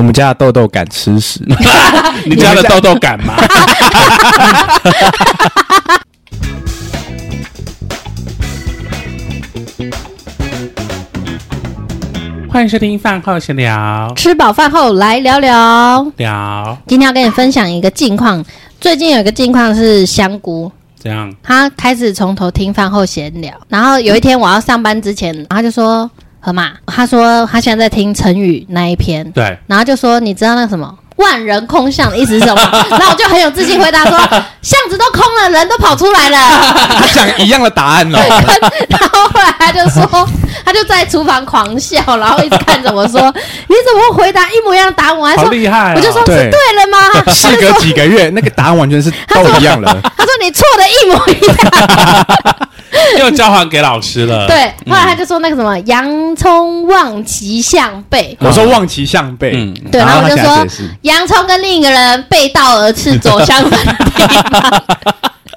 我們家的豆豆敢吃屎， 你家的豆豆敢嗎？ 豆豆敢嗎 歡迎收聽飯後閒聊，吃飽飯後來聊聊聊。今天要跟你分享一個近況，最近有一個近況是香菇。怎樣？他開始從頭聽飯後閒聊，然後有一天我要上班之前，然後他就說。河馬，他說他現在在聽成語那一篇，對，然後就說你知道那什麼萬人空巷的意思是什麼？ 然後我就很有自信回答說 巷子都空了，人都跑出來了。他講一樣的答案嘍， 然後後來他就說他就在廚房狂笑，然後一直看着我說你怎麼回答一模一樣的答案？我還說好厲害、啊！我就說是對了嗎？時隔幾個月，那個答案完全是都一樣了。他說你錯的一模一樣。 又交還給老師了。 對，後來他就說那個什麼“嗯、洋蔥望其項背”。我說“望其項背”。嗯，對，然後我就說“啊、洋蔥跟另一個人背道而馳，走向反”。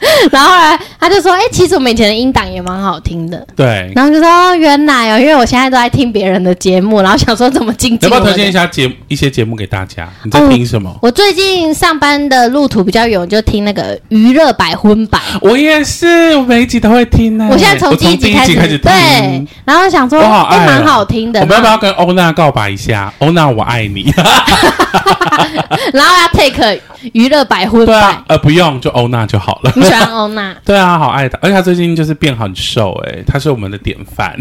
然後來，他就說：“哎、欸，其實我以前的音檔也蠻好聽的。”對，然後就說、哦：“原來哦，因為我現在都在聽別人的節目，然後想說怎麼進。”能怎能推薦一下節一些節目給大家？你在聽什麼？哦、我最近上班的路途比較遠，我就聽那個娛樂百分百。我也是，我每一集都會聽呢。我現在從第一集開始聽。對，然後想說也、欸、蠻好聽的。我們要不要跟歐娜告白一下？歐娜，我愛你。 然後要 take 娛樂百分百，呃，不用，就歐娜就好了。 歐、啊、娜，對啊，好愛她，而且她最近就是變很瘦，哎、欸，她是我們的典範，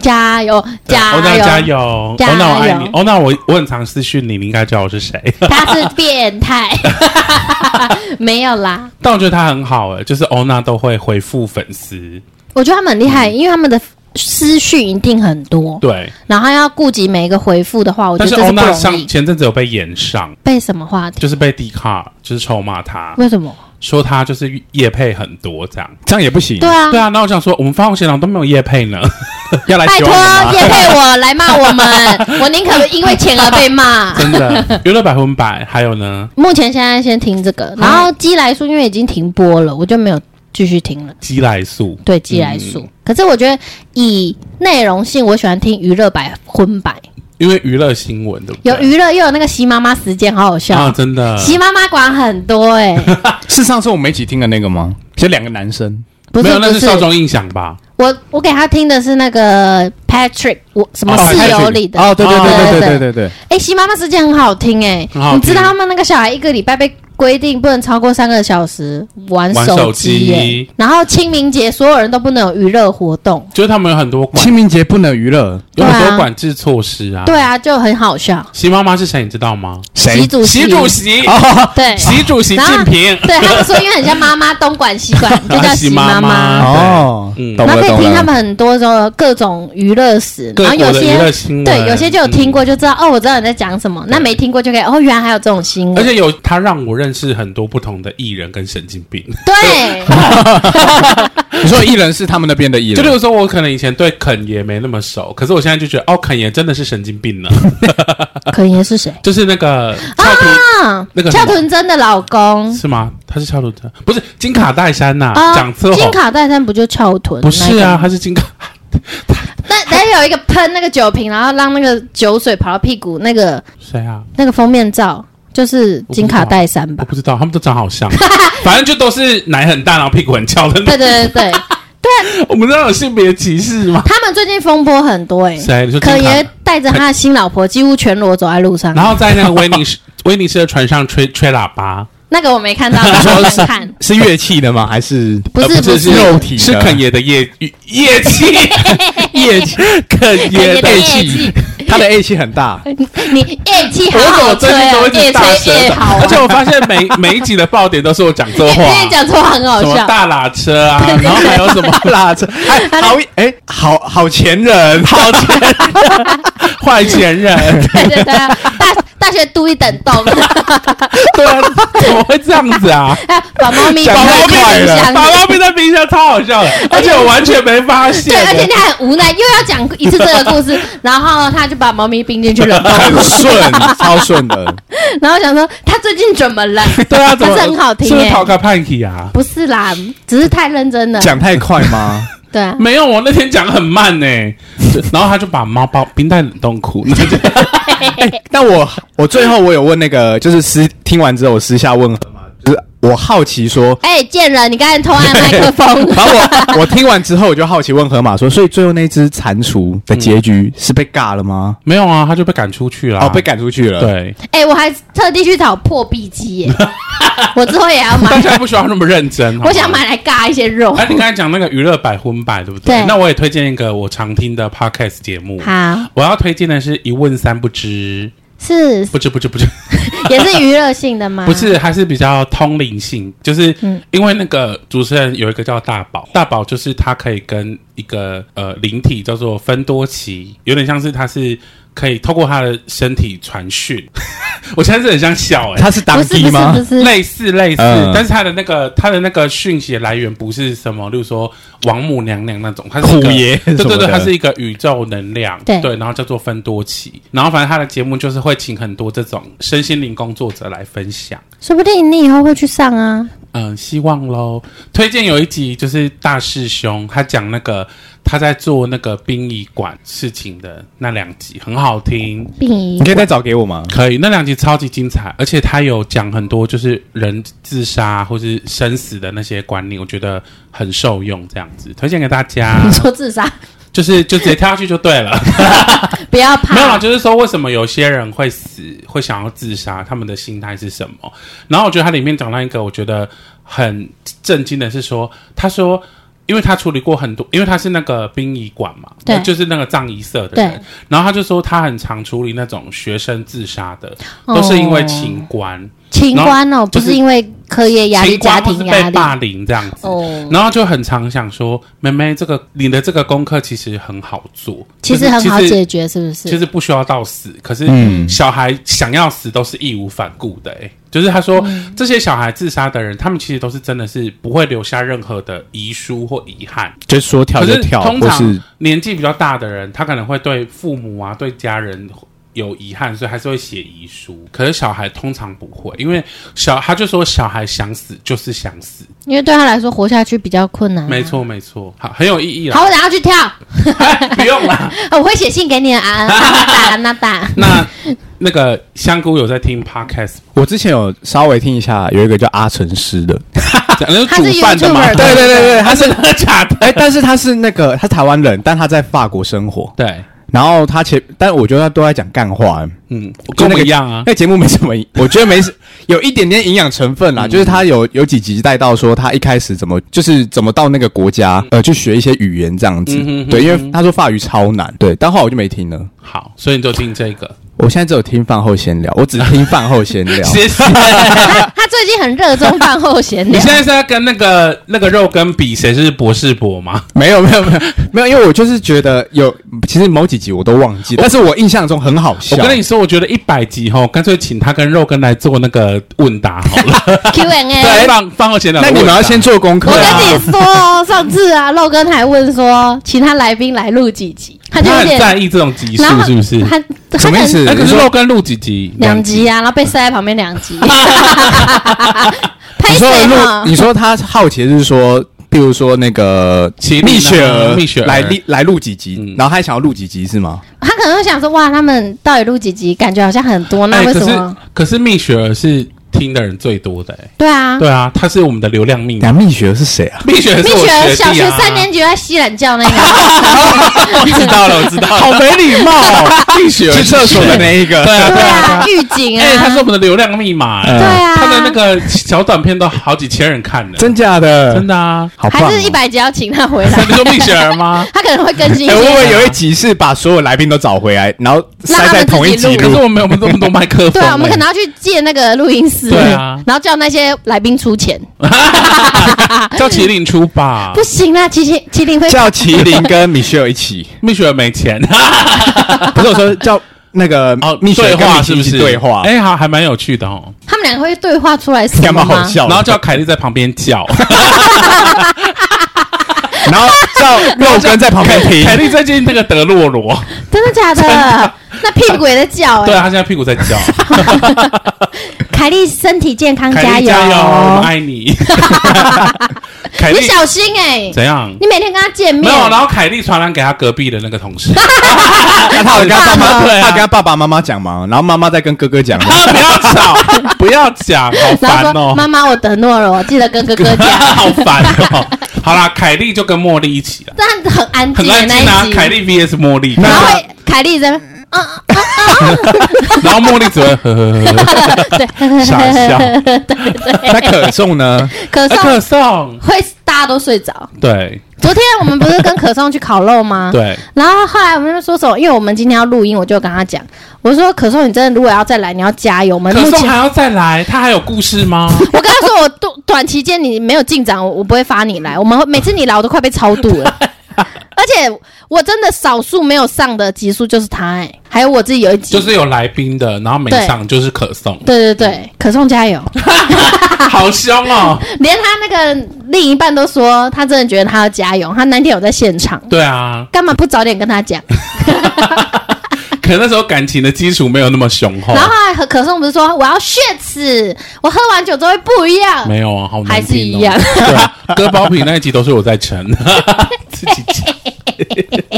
加油加油加油！歐娜我愛你，歐娜我我很常私訊你，你應該知道我是誰。她是變態，哈哈哈哈 沒有啦，但我覺得她很好，哎、欸，就是歐娜都會回復粉絲，我覺得他們很厲害、嗯，因為他們的私訊一定很多，對，然後要顧及每一個回復的話，我覺得歐娜上前陣子有被炎上，被什麼話題？就是被 Dcard，就是臭罵她。為什麼？說他就是業配很多這樣，這樣也不行。對啊，對啊。那我想說，我們飯後閒聊都沒有業配呢， 要來？拜託，業配我，我 來罵我們。 我寧可因為錢而被罵。 真的，娛樂百分百還有呢。目前現在先聽這個， 然後雞來素因為已經停播了，我就沒有繼續聽了。雞來素，對雞來素、嗯。可是我覺得以內容性，我喜歡聽娛樂百分百。因為娛樂新聞的有娛樂又有那個習媽媽時間，好好笑啊！真的，習媽媽管很多哎、欸， 是上次我們一起聽的那個嗎？其實兩個男生，不是，不是，那是少壯印象吧？我我給他聽的是那個。Patrick，我什麼、哦、室友裡的？哦，對對對對對對對，對、欸。哎，習媽媽時間很好聽哎、欸，你知道他們那個小孩一個禮拜被規定不能超過三個小時玩手機、欸，然後清明節所有人都不能有娛樂活動，就是他們有很多清明節不能娛樂、啊，有很多管制措施啊。對啊，就很好笑。習媽媽是誰？你知道嗎？習主席，習主席，對，習、哦、主席習近平。對，他們說因為很像媽媽東管西管，就叫習媽媽。哦、啊，嗯。了然後可以聽他們很多種各種娛樂。熱死，然後有些對，有些就有聽過、嗯、就知道哦，我知道你在講什麼。那沒聽過就可以哦，原來還有這種新聞。而且有他讓我認識很多不同的藝人跟神經病。對， 你說藝人是他們那邊的藝人，就比如說我可能以前對肯爺沒那麼熟，可是我現在就覺得哦，肯爺真的是神經病呢。 肯爺是誰？就是那個啊，那個翹臀真的老公是嗎？他是翹臀，不是金卡戴珊吶？講錯了，金卡戴珊、啊啊、不就翹臀、那個？不是啊，他是金卡。那還有一個噴那個酒瓶，然後讓那個酒水跑到屁股，那個誰啊？那個封面照就是金卡戴珊吧？我不知道，他們都長好像， 反正就都是奶很大，然後屁股很翹的那種。對對對對 對，我們都有性別歧視嘛。他們最近風波很多誒、欸，侃爺帶着他的新老婆幾乎全裸走在路上，然後在那個威尼斯 威尼斯的船上吹吹喇叭。那個我沒看到，看看他是是樂器的嗎？還是不是、呃、不，是，不是，是肉體？是肯爺的樂樂器，樂 器。肯爺樂器，他的 A 氣很大，你 A 氣很好吹，越吹越好。而且我發現每每一集的爆點都是我講錯話，講、欸、錯話很好笑，大喇車啊，然後還有什麼喇車？好 哎、欸，好、啊欸、好前任，好前壞前任， 壞前人 對對對，對、啊。 大學都一等動 對、啊， 對、啊，怎麼會這樣子啊？哎 把貓咪講太冰箱，把貓咪在冰箱超好笑的， 而,且而且我完全沒發現對。對，而且你很無奈，又 要講一次這個故事，然後他就把貓咪冰進去人 很順，了，很順，超順順的。 然後想說他最近怎麼了？ 對啊，怎麼 他是很好聽、欸、是不是《Talking Punk》啊？不是啦，只是太認真了。講太快嗎？ 沒有，我那天講很慢呢、欸， 然後他就把貓包冰袋冷凍庫。但、 欸、我我最後我有問那個，就是私聽完之後我私下問。我好奇說，哎、欸，賤人，你剛才偷按麥克風。然後我， 我聽完之後，我就好奇問河馬說，所以最後那只蟾蜍的結局、嗯、是被尬了嗎？沒有啊，他就被趕出去了。哦，被趕出去了。對。哎、欸，我還特地去找破壁機耶、欸， 我之後也要買。大家不需要那麼認真 我想買來尬一些肉。哎、啊，你剛才講那個娛樂百分百，對不對？對。那我也推薦一個我常聽的 podcast 節目。好。我要推薦的是一問三不知。是不就不就不就 ，也是娛樂性的嗎？不是，還是比較通靈性，就是、嗯、因為那個主持人有一個叫大寶，大寶就是他可以跟一個呃靈體叫做芬多奇，有點像是他是。可以透過他的身體傳訊， 我現在是很想笑哎，他是打機嗎？不是不是不是類似類似、嗯，但是他的那個他的那個訊息的來源不是什麼，就是說王母娘娘那種，他是虎爺，對對對，他是一個宇宙能量，對，對然後叫做芬多奇，然後反正他的節目就是會請很多這種身心靈工作者來分享，說不定你以後會去上啊。嗯，希望嘍。推薦有一集就是大師兄，他講那個他在做那個殯儀館事情的那兩集，很好聽。殯儀，你可以再找給我嗎？可以，那兩集超級精彩，而且他有講很多就是人自殺或是生死的那些管理，我覺得很受用。這樣子推薦給大家。你說自殺？就是就直接跳下去就對了， 不要怕。沒有，就是說為什麼有些人會死，會想要自殺，他們的心態是什麼？然後我覺得它裡面講到一個我覺得很震驚的是說，他說，因為他處理過很多，因為他是那個殯儀館嘛，對，就是那個葬儀社的人。然後他就說他很常處理那種學生自殺的，都是因為情關。哦情關哦、喔，不是因為課業壓力，家庭壓力，被霸凌這樣子、哦，然後就很常想說，妹妹，這個你的這個功課其實很好做，其實很好解決，是不是、就是其？其實不需要到死、嗯，可是小孩想要死都是義無反顧的、欸。哎，就是他說、嗯、這些小孩自殺的人，他們其實都是真的是不會留下任何的遺書或遺憾，就,說挑就挑是說跳就跳。通常年紀比較大的人，他可能會對父母啊，對家人。有遺憾，所以還是會寫遺書。可是小孩通常不會，因為小他就說小孩想死就是想死，因為對他來說活下去比較困難、啊。沒錯，沒錯，好，很有意義了好，我等下去跳， 不用了， 我會寫信給你的啊。打、 啊、那 那那個香菇有在聽 Podcast，我之前有稍微聽一下，有一個叫阿成師的，講 的是煮飯的嘛？ 對對對對，他是那假的、 欸，但是他是那個他是台灣人，但他在法國生活。對。然後他前，但我覺得他都在講幹話。嗯，跟那個、一樣啊。那個、節目沒什麼，我覺得沒，有一點點營養成分啦。嗯、就是他有有幾集帶到說他一開始怎麼，就是怎麼到那個國家，嗯、呃，去學一些語言這樣子、嗯哼哼哼哼。對，因為他說法語超難。對，但後來我就沒聽了。好，所以你就聽這個。我現在只有聽飯後閒聊，我只聽飯後閒聊。 謝謝。 最近很熱衷飯後閒聊。你現在是要跟那個那個肉根比誰是博士博嗎？沒有沒有沒有沒有，因為我就是覺得有，其實某幾集我都忘記了，但是我印象中很好笑。我跟你說，我覺得一百集齁，乾脆請他跟肉根來做那個問答好了，Q&A。 Q &A? 對，飯飯後閒聊的。那你們要先做功課啊。我跟你說，上次啊，肉根還問說，其他來賓來錄幾集，他就有點他很在意這種集數是不是他他他？什麼意思？可是肉根錄幾集？兩集啊，然後被塞在旁邊兩集。 你說你說他好奇，就是說，比如說那個其實蜜雪兒，蜜雪兒，蜜雪兒來來錄幾集，嗯、然後他還想要錄幾集是嗎？他可能會想說，哇，他們到底錄幾集？感覺好像很多、啊，那、欸、為什麼可？可是蜜雪兒是。聽的人最多的。欸，對啊，對啊，他是我們的流量密碼。蜜雪兒是誰啊？蜜雪兒，啊，蜜雪兒小學三年級在西懶教那個。你、 嗯、 知道了，我知道了， 好沒禮貌，哦。蜜雪兒去廁所的那一個 對，啊，對啊，對啊，預、啊、警哎、啊、他、欸、是我們的流量密碼、欸呃，對啊，他的那個小短片都好幾千人看了， 真假的，真的啊，好棒、哦，還是一百集要請他回來？你 說蜜雪兒嗎？ 他可能會更新、新、啊。會、欸、不會有一集是把所有來賓都找回來，然後塞在同一集？可是我們沒有那麼多麥克風、欸， 對啊，我們可能要去借那個錄音室。對啊、嗯，然後叫那些來賓出錢， 叫麒麟出吧，不行啊，麒麟麒麟會叫麒麟跟 Michelle 一起，Michelle 沒錢，不 是我說叫那個 Michelle Michelle 哦，對話是不是對話？哎、欸，好，還蠻有趣的哦，他們兩個會對話出來幹嘛好笑然，笑然後叫凱莉在旁邊叫，然後叫肉根在旁邊聽。凱莉最近那個德洛羅， 真的假的？的 那屁股也在叫、欸，對啊，他現在屁股在叫。 凱莉身體健康，加油加油，我愛你。你小心哎！怎樣？你每天跟他見面？沒有，然後凱莉傳染給他隔壁的那個同事，然後他跟他爸媽，他跟他爸爸媽媽講嘛，然後媽媽再跟哥哥講。 不要吵，不要講，好煩哦、喔。媽媽，我得諾了，記得跟哥哥講。 好煩哦、喔。好啦，凱莉就跟茉莉一起了，這樣子很安靜，很安靜啊。凱莉 VS 茉莉。啊、然後凱莉在。啊啊，啊 然後茉莉只會呵呵，呵呵對，傻笑，對對對。那可頌呢？可頌，可頌會大家都睡着。對，昨天我們不是跟可頌去烤肉嗎？對。然後後來我們就說什麼？因為我們今天要錄音，我就跟他講，我說可頌，你真的如果要再來，你要加油。我們可頌還要再來，他還有故事嗎？ 我跟他說，我短短期間你沒有進展，我我不會發你來。我們每次你來，我都快被超度了。 而且我真的少數沒有上的集數就是他哎、欸，還有我自己有一集就是有來賓的，然後沒上就是可送，對對對，對可送加油哈哈， 好兇哦！連他那個另一半都說他真的覺得他要加油，他那天有在現場，對啊，幹嘛不早點跟他講？ 可那時候感情的基礎沒有那麼雄厚。然後後來和可是我們是說我要雪恥，我喝完酒之後會不一樣。沒有啊，好、哦，還是一樣。 割包皮那一集都是我在撐，哈哈哈自己撐，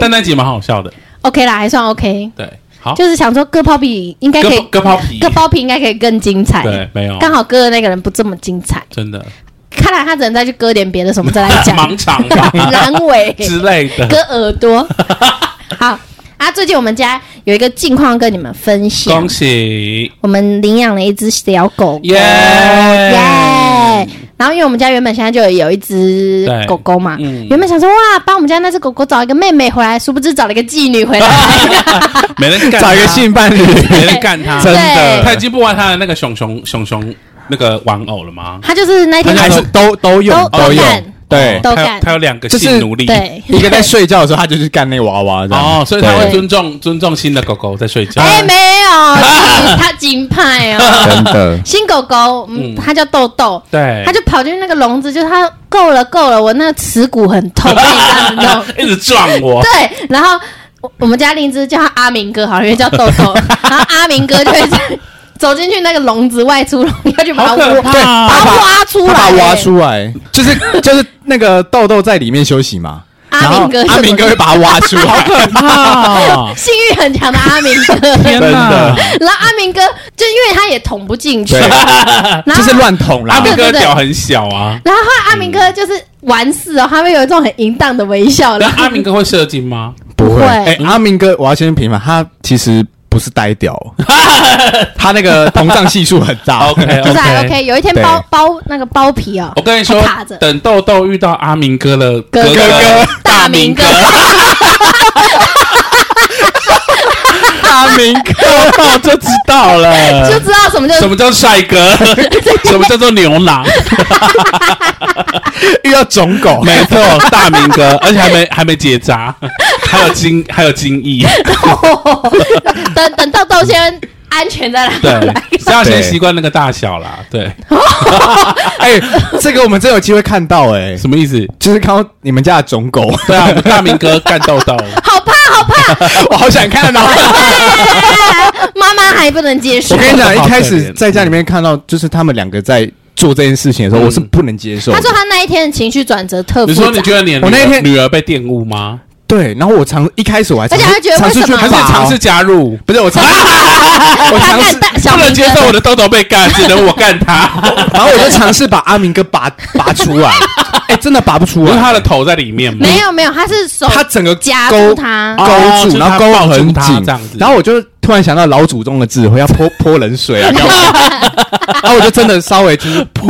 但那集蠻好笑的。OK 啦，還算 OK。對，好，就是想說割包皮應該可以割包皮，割包皮應該可以更精彩。對，沒有，剛好割的那個人不這麼精彩。真的，看來他只能再去割點別的什麼再來講， 盲腸場嘛、闌 尾之類的，割耳朵。 好。啊！最近我們家有一個近況跟你們分享。恭喜我們領養了一隻小狗，狗，耶、yeah、耶、yeah！然後因為我們家原本現在就有一隻狗狗嘛、嗯，原本想說哇，幫我們家那隻狗狗找一個妹妹回來，殊不知找了一個妓女回來， 沒人幹，找一個性伴侶，沒人幹他，真的對，他已經不玩他的那個熊熊熊熊那個玩偶了嗎？他就是那一天還是都都用都用。都用都用對，他他有兩個性，就是奴隸。對，一個在睡覺的時候，他就去幹那娃娃。哦，所以他會尊重尊重新的狗狗在睡覺。哎、欸，沒有， 他金牌哦，真的。新狗狗，嗯，它叫豆豆，對，他就跑進那個籠子，就他夠了夠了，我那恥骨很痛，一 一直撞我。 對，然後我們家靈芝叫他阿明哥，好，因為叫豆豆， 然後阿明哥就會。 走進去那個籠子，外出籠他就把它挖對，把它挖出來，把它挖出來，就是就是那個豆豆在裡面休息嘛。 阿明哥，阿明哥會把它挖出來， 好可怕、哦！ 性慾很強的阿明哥， 天哪。 然後阿明哥就因為他也捅不進去， 天哪 然後 就是亂捅啦。阿明哥腳很小啊。對對對 然後,後阿明哥就是完事哦，他會有一種很淫蕩的微笑、嗯。然後阿明哥會射精嗎？不會。欸嗯、阿明哥，我要先評嘛他其實。不是呆屌， 他那個膨脹係數很大 ，OK okay, 啊、OK。有一天包包那個包皮啊、哦，我跟你說，等豆豆遇到阿明哥了，哥哥大明哥。哥哥 大明哥， 就知道了，就知道什麼叫什麼叫帥哥， 什麼叫做牛郎， 遇到種狗，沒錯， 大明哥， 而且還沒還沒結紮，還有精還有精液， 等，等，等等，等等先。安全在哪裡，對，大家先習慣那個大小啦，對。哎、 欸，這個我們真有機會看到哎、欸，什麼意思？就是看到你們家的種狗， 對啊，我們大明哥幹到到了， 好怕好怕， 我好想看啊。媽 媽 還不能接受。我跟你講，一開始在家裡面看到，就是他們兩個在做這件事情的時候，嗯、我是不能接受。他說他那一天的情緒轉折特複雜。你說你覺得你我那一天女兒被玷污嗎？對，然後我嘗一開始我還，嘗試嘗覺得、哦、還是嘗試加入？不是我嘗，我嘗試，不 能接受我的痘痘被幹， 只能我幹他。 然後我就嘗試把阿明哥拔拔出來，哎、欸，真的拔不出來，因為他的頭在裡面嘛。沒、嗯、有沒有，他是手他，他整個夾住他，勾住，然後鈎很緊這樣子。然後我就。突然想到老祖宗的智慧，要潑潑冷水啊！幹嘛、 啊、我就真的稍微就是潑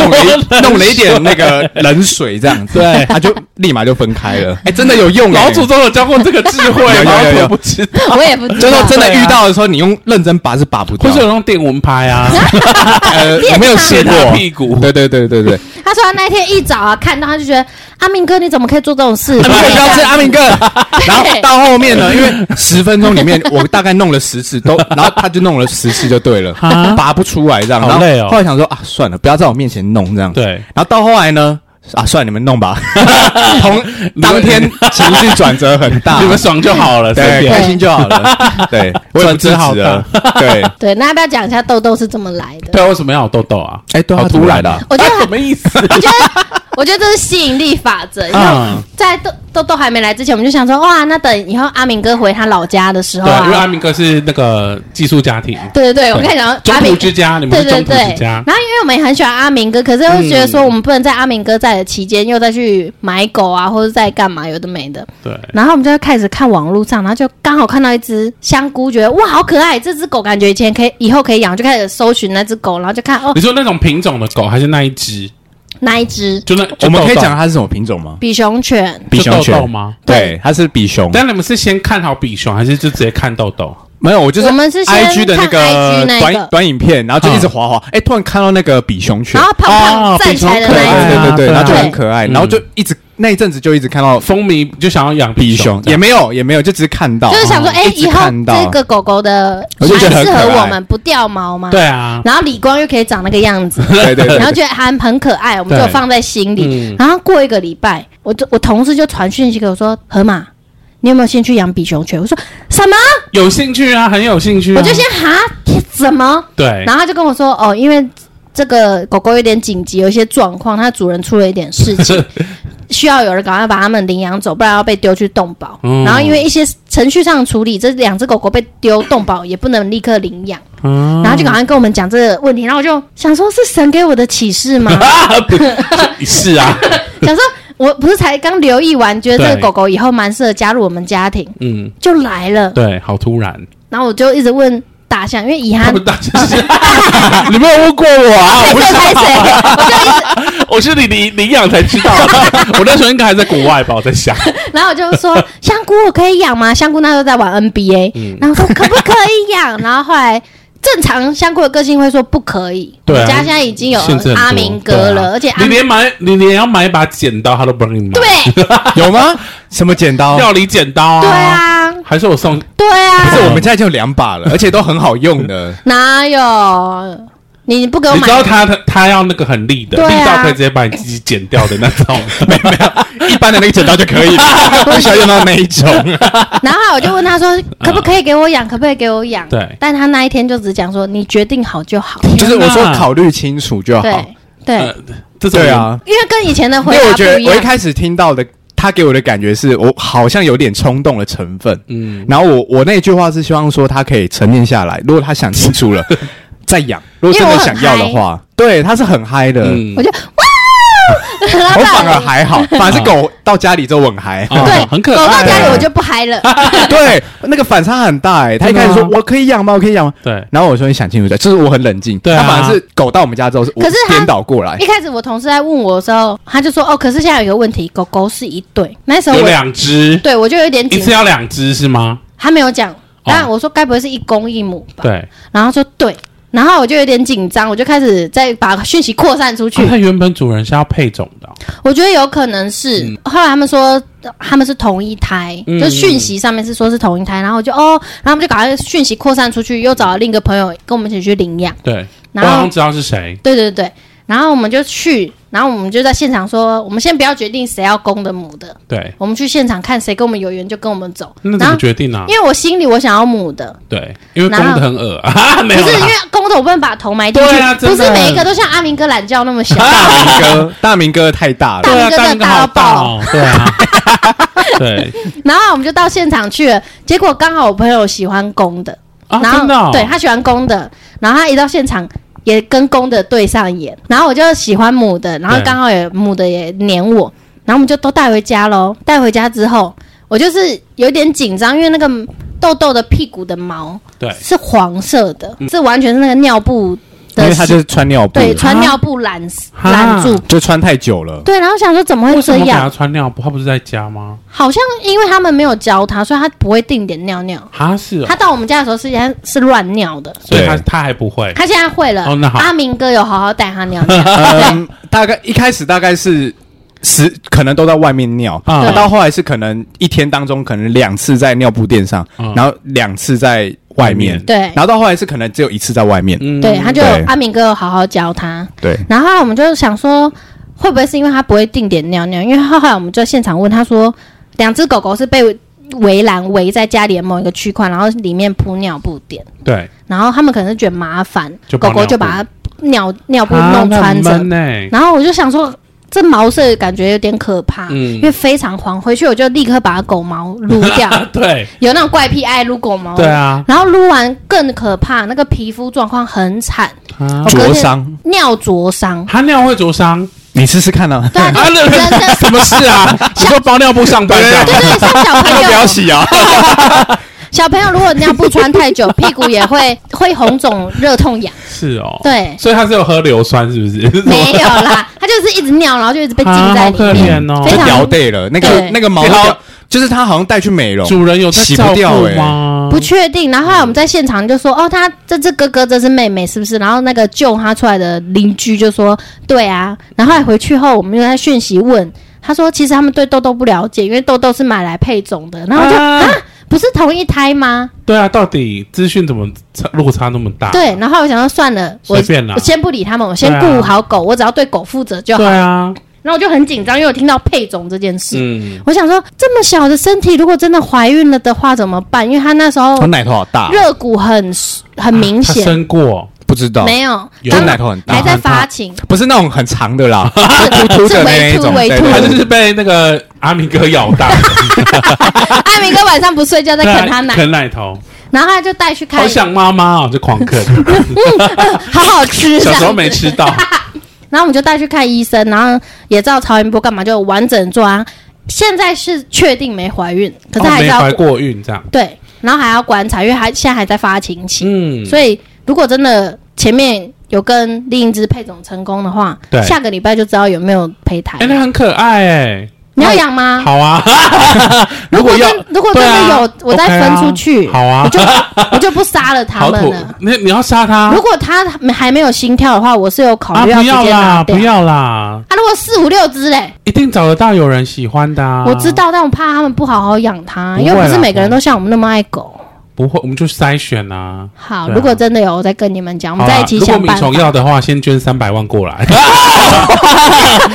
弄了一點那個冷水，這樣子對，他、啊、就立馬就分開了。哎、 欸，真的有用啊、欸！老祖宗有教過這個智慧 嗎？ 我不知道，我也不知道。就說、是、真的遇到的時候，你用認真拔是拔不掉，或是用電蚊拍啊？ 呃，有沒有洗過屁股？對對對對對。 他說他那天一早啊，看到他就覺得。阿明哥，你怎麼可以做這種事？阿明哥不要吃，阿明哥。然後到後面呢，因為十分鐘裡面我大概弄了十次都， 然後他就弄了十次就對了、啊，拔不出來這樣。哦、然後後來想說啊，算了，不要在我面前弄這樣。對。然後到後來呢，啊，算了，你們弄吧。 同當天情緒轉折很大，你們爽就好了對對，對，開心就好了。對，我支好了。對了對，對，那要不要講一下痘痘是，是這麼來的。對，為什麼要有痘痘啊？哎、欸啊，好突然的。我覺得、啊、什麼意思？我覺得。我覺得這是吸引力法則、嗯。在豆豆豆還沒來之前，我們就想說，哇，那等以後阿明哥回他老家的時候、啊，對，因為阿明哥是那個寄宿家庭。對對對，對我們看，以講中途之家，裡面叫中途之家對對對。然後，因為我們也很喜歡阿明哥，可是又是覺得說我們不能在阿明哥在的期間、嗯、又再去買狗啊，或者在幹嘛，有的沒的。對。然後我們就開始看網絡上，然後就剛好看到一隻香菇，覺得哇，好可愛！這隻狗感覺以前可以，以後可以養，就開始搜尋那隻狗，然後就看哦。你說那種品種的狗，還是那一隻？哪一隻？就那就豆豆，我們可以講它是什麼品種嗎？比熊犬，比熊犬嗎對？對，它是比熊。但你們是先看好比熊，還是就直接看豆豆？沒有，我就是我們是 IG 的那個短那個短，短影片，然後就一直滑滑。哎、嗯欸，突然看到那個比熊犬，然後啪它站起來、哦、對、啊、對、啊、對對、啊，然後就很可愛，然後就一直。嗯那一陣子就一直看到蜂蜜、嗯，就想要養比熊，也沒有也沒有，就只是看到，就是想說，哎、嗯欸，以後這個狗狗的還適合我們，我就覺得很可愛，不掉毛嗎？對啊。然後理光又可以長那個樣子， 對，對，對對。然後覺得還很可愛，我們就放在心裡。然後過一個禮拜，我就我同事就傳訊息給我說：“河馬，你有沒有興趣養比熊犬？”我說：“什麼？有興趣啊，很有興趣、啊。”我就先哈？怎麼？對。然後他就跟我說：“哦，因為這個狗狗有點緊急，有一些狀況，它主人出了一點事情。 ”需要有人趕快把它們領養走，不然要被丟去動保。嗯。然後因為一些程序上的處理，這兩隻狗狗被丟動保也不能立刻領養。嗯。然後就趕快跟我們講這個問題，然後我就想說，是神給我的啟示嗎？啊 是，是啊， 想說我不是才剛留意完，覺得這個狗狗以後蠻適合加入我們家庭，嗯，就來了。對，好突然。然後我就一直問。大象，因為遺憾，你沒有問過我啊， 啊、 我是誰？我是你領領養才知道、啊。 我那時候應該還在國外吧，我在想 然後我就說，香菇我可以養嗎？香菇那時候在玩 NBA、嗯、然後說可不可以養？ 然後後來正常香菇的個性會說不可以。啊、我家現在已經有阿明哥了，啊、而且你連買你連要買一把剪刀他都不讓你買，對， 有嗎？什麼剪刀？料理剪刀啊，對啊。還是我送？對啊，可是我們家就兩把了， 而且都很好用的。哪有？你不給我買？你知道他他他要那個很利的，啊、利到可以直接把你自己剪掉的那種， 沒有沒有，一般的那個剪刀就可以。我喜歡用到那一種。 然後我就問他說：“可不可以給我養？可不可以給我養、嗯？”對。但他那一天就只講說：“你決定好就好。”就是我說考慮清楚就好。對對，這、呃、對啊。因為跟以前的因為我覺得。我一開始聽到的。他給我的感覺是我好像有點衝動的成分，嗯，然後我我那句話是希望說他可以沉澱下來，如果他想清楚了 再養，如果真的想要的話，對，他是很嗨的，嗯，我就。 我反而還好，反而是狗到家裡之後很嗨，啊，對，很可怕，狗到家裡我就不嗨了。對，了 對，那個反差很大哎，欸。他一開始說：“啊，我可以養嗎？我可以養嗎？”對。然後我說：“你想清楚再。”就是我很冷靜。對，啊。他反而是狗到我們家之後是顛倒過來。一開始我同事在問我的時候，他就說：“哦，可是現在有一個問題，狗狗是一對。那時候”有兩隻。對，我就有點緊張。一次要兩隻是嗎？他沒有講。當然我說該不會是一公一母吧？對，哦。然後說對。然後我就有點緊張，我就開始再把訊息擴散出去。它、啊、原本主人是要配種的，哦，我覺得有可能是。嗯、後來他們說他們是同一胎，嗯、就是訊息上面是說是同一胎，嗯、然後我就哦，然後他們就搞個訊息擴散出去，嗯，又找了另一個朋友跟我們一起去領養。對，然後不然知道是誰？對對對，對。然後我們就去，然後我們就在現場說，我們先不要決定誰要公的母的，對，我們去現場看誰跟我們有緣就跟我們走。然後那怎麼決定呢？啊，因為我心裡我想要母的，對，因為公的很惡啊，沒有不是因為公的我不能把頭埋進去，啊不，是啊不，進去啊，不是每一個都像阿明哥懶叫那麼小，啊、大明哥 大明哥太大了，大明哥真的大到爆，哦、對啊， 對。然後我們就到現場去了，結果剛好我朋友喜歡公的，啊，然後、哦、對他喜歡公的，然後他一到現場。也跟公的對上眼，然後我就喜歡母的，然後剛好也母的也黏我，然後我們就都帶回家嘍。帶回家之後，我就是有點緊張，因為那個豆豆的屁股的毛對是黃色的，這、嗯、完全是那個尿布。因為他就是穿尿布、啊，對，穿尿布攔攔、啊、住，就穿太久了。對，然後想說怎麼會這樣？要他穿尿布，他不是在家嗎？好像因為他們沒有教他，所以他不會定點尿尿。他是、哦，他到我們家的時候是是亂尿的，所以他他還不會，他現在會了。哦、那好、阿明哥有好好帶他尿尿。 嗯、大概一開始大概是十，可能都在外面尿，嗯、他到後來是可能一天當中可能兩次在尿布墊上、嗯，然後兩次在。外面、嗯、對，然後到後來是可能只有一次在外面，嗯、對，他就阿明哥好好教他，對，然後，後來我們就想說，會不會是因為他不會定點尿尿？因為後來我們就現場問他說，兩隻狗狗是被圍欄圍在家裡的某一個區塊，然後裡面鋪尿布墊。對，然後他們可能是覺得麻煩，狗狗就把他尿尿布弄穿着、欸，然後我就想說。這毛色感覺有點可怕，嗯、因為非常黃。回去我就立刻把狗毛擼掉。 對，有那種怪癖愛擼狗毛。對啊，然後擼完更可怕，那個皮膚狀況很慘，啊、灼傷，尿灼傷。它尿會灼傷，你試試看呢、啊？對啊，啊，啊，真的，什麼事啊？ 像你包尿布上班，對對對，像，對對對 像小朋友不要洗啊。 小朋友，如果尿布穿太久，屁股也會會紅腫、熱痛、癢。是哦，對，所以他只有喝硫酸，是不是，是？沒有啦，他就是一直尿，然後就一直被浸在裡面，啊哦、非常對了。那個那個毛就是他好像帶去美容，主人又洗不掉嗎、欸、不確定。然後後來我們在現場就說：“哦，他這這哥哥這是妹妹，是不是？”然後那個救他出來的鄰居就說：“對啊。”然後，後來回去後，我們又在訊息問他說：“其實他們對豆豆不了解，因為豆豆是買來配種的。”然後就。啊。啊不是同一胎嗎？對啊，到底資訊怎麼差落差那麼大、啊？對，然後我想說算了，我，隨便啦，我先不理他們，我先顧好狗、啊，我只要對狗負責就好。對啊，然後我就很緊張，因為我聽到配種這件事。嗯、我想說，這麼小的身體，如果真的懷孕了的話怎麼辦？因為他那時候奶頭好大，熱骨很很明顯。啊、生過不知道？沒有，奶頭很大，還在發情，啊、不是那種很長的啦，兔兔 那種，還 是是被那個。阿明哥咬大， 阿明哥晚上不睡覺在啃他奶啃奶頭，然後他就帶去看，好想媽媽啊就狂啃， 好好吃。小時候沒吃到， 然後我們就帶去看醫生，然後也知道超音波幹嘛就完整做啊。現在是確定沒懷孕，可是還是要、哦、沒懷過孕這樣。對，然後還要觀察，因為他現在還在發情期，嗯，所以如果真的前面有跟另一隻配種成功的話，下個禮拜就知道有沒有胚胎、欸。哎，它很可愛哎、欸。你要養嗎？好啊， 如果真跟 如果真的、啊、有，我再分出去。Okay，啊好啊 我就，我就不殺了他們了。你你要殺他？如果他還沒有心跳的話，我是有考慮要直接拿掉。啊、不要啦，不要啦。啊，如果四五六隻嘞，一定找得到有人喜歡的、啊。我知道，但我怕他們不好好養它，又不，不是每個人都像我們那麼愛狗。不會，我們就篩選啊。好，啊、如果真的有，我再跟你們講。我們在一起、啊、如果米蟲要的話，先捐三百萬過來。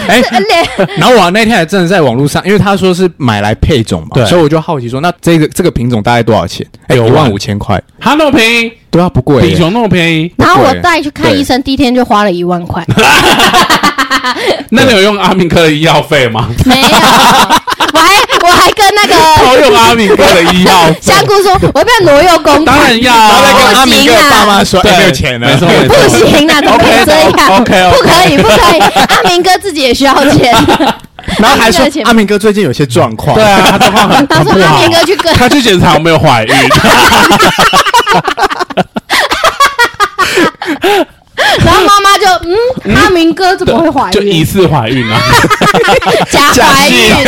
哎、啊， 欸、然後我那天還真的在網絡上，因為他說是買來配種嘛，對，所以我就好奇說，那這個這個品種大概多少錢？哎、欸，一萬五千塊，他那麼便宜？對啊，不貴、欸。比熊那麼便宜？然後我帶去看醫生，第一天就花了一萬塊。那你有用阿明克的醫藥費嗎？ 沒有，我還。我還跟那個挪用阿明哥的醫藥， 香菇說，我不要挪用公款，當然要啊，跟阿明哥爸媽說不行啊，對、欸，沒有錢了，不行啊，不可以這樣，okay, okay, 不可以，不可以， 阿明哥自己也需要錢，然後還說 阿明哥最近有些狀況，對啊，他狀況很不好，他說阿明哥去跟，他去檢查我沒有懷孕。 然後媽媽就嗯，阿明哥怎麼會懷孕，嗯嗯嗯？就一次懷孕啊， 假懷孕。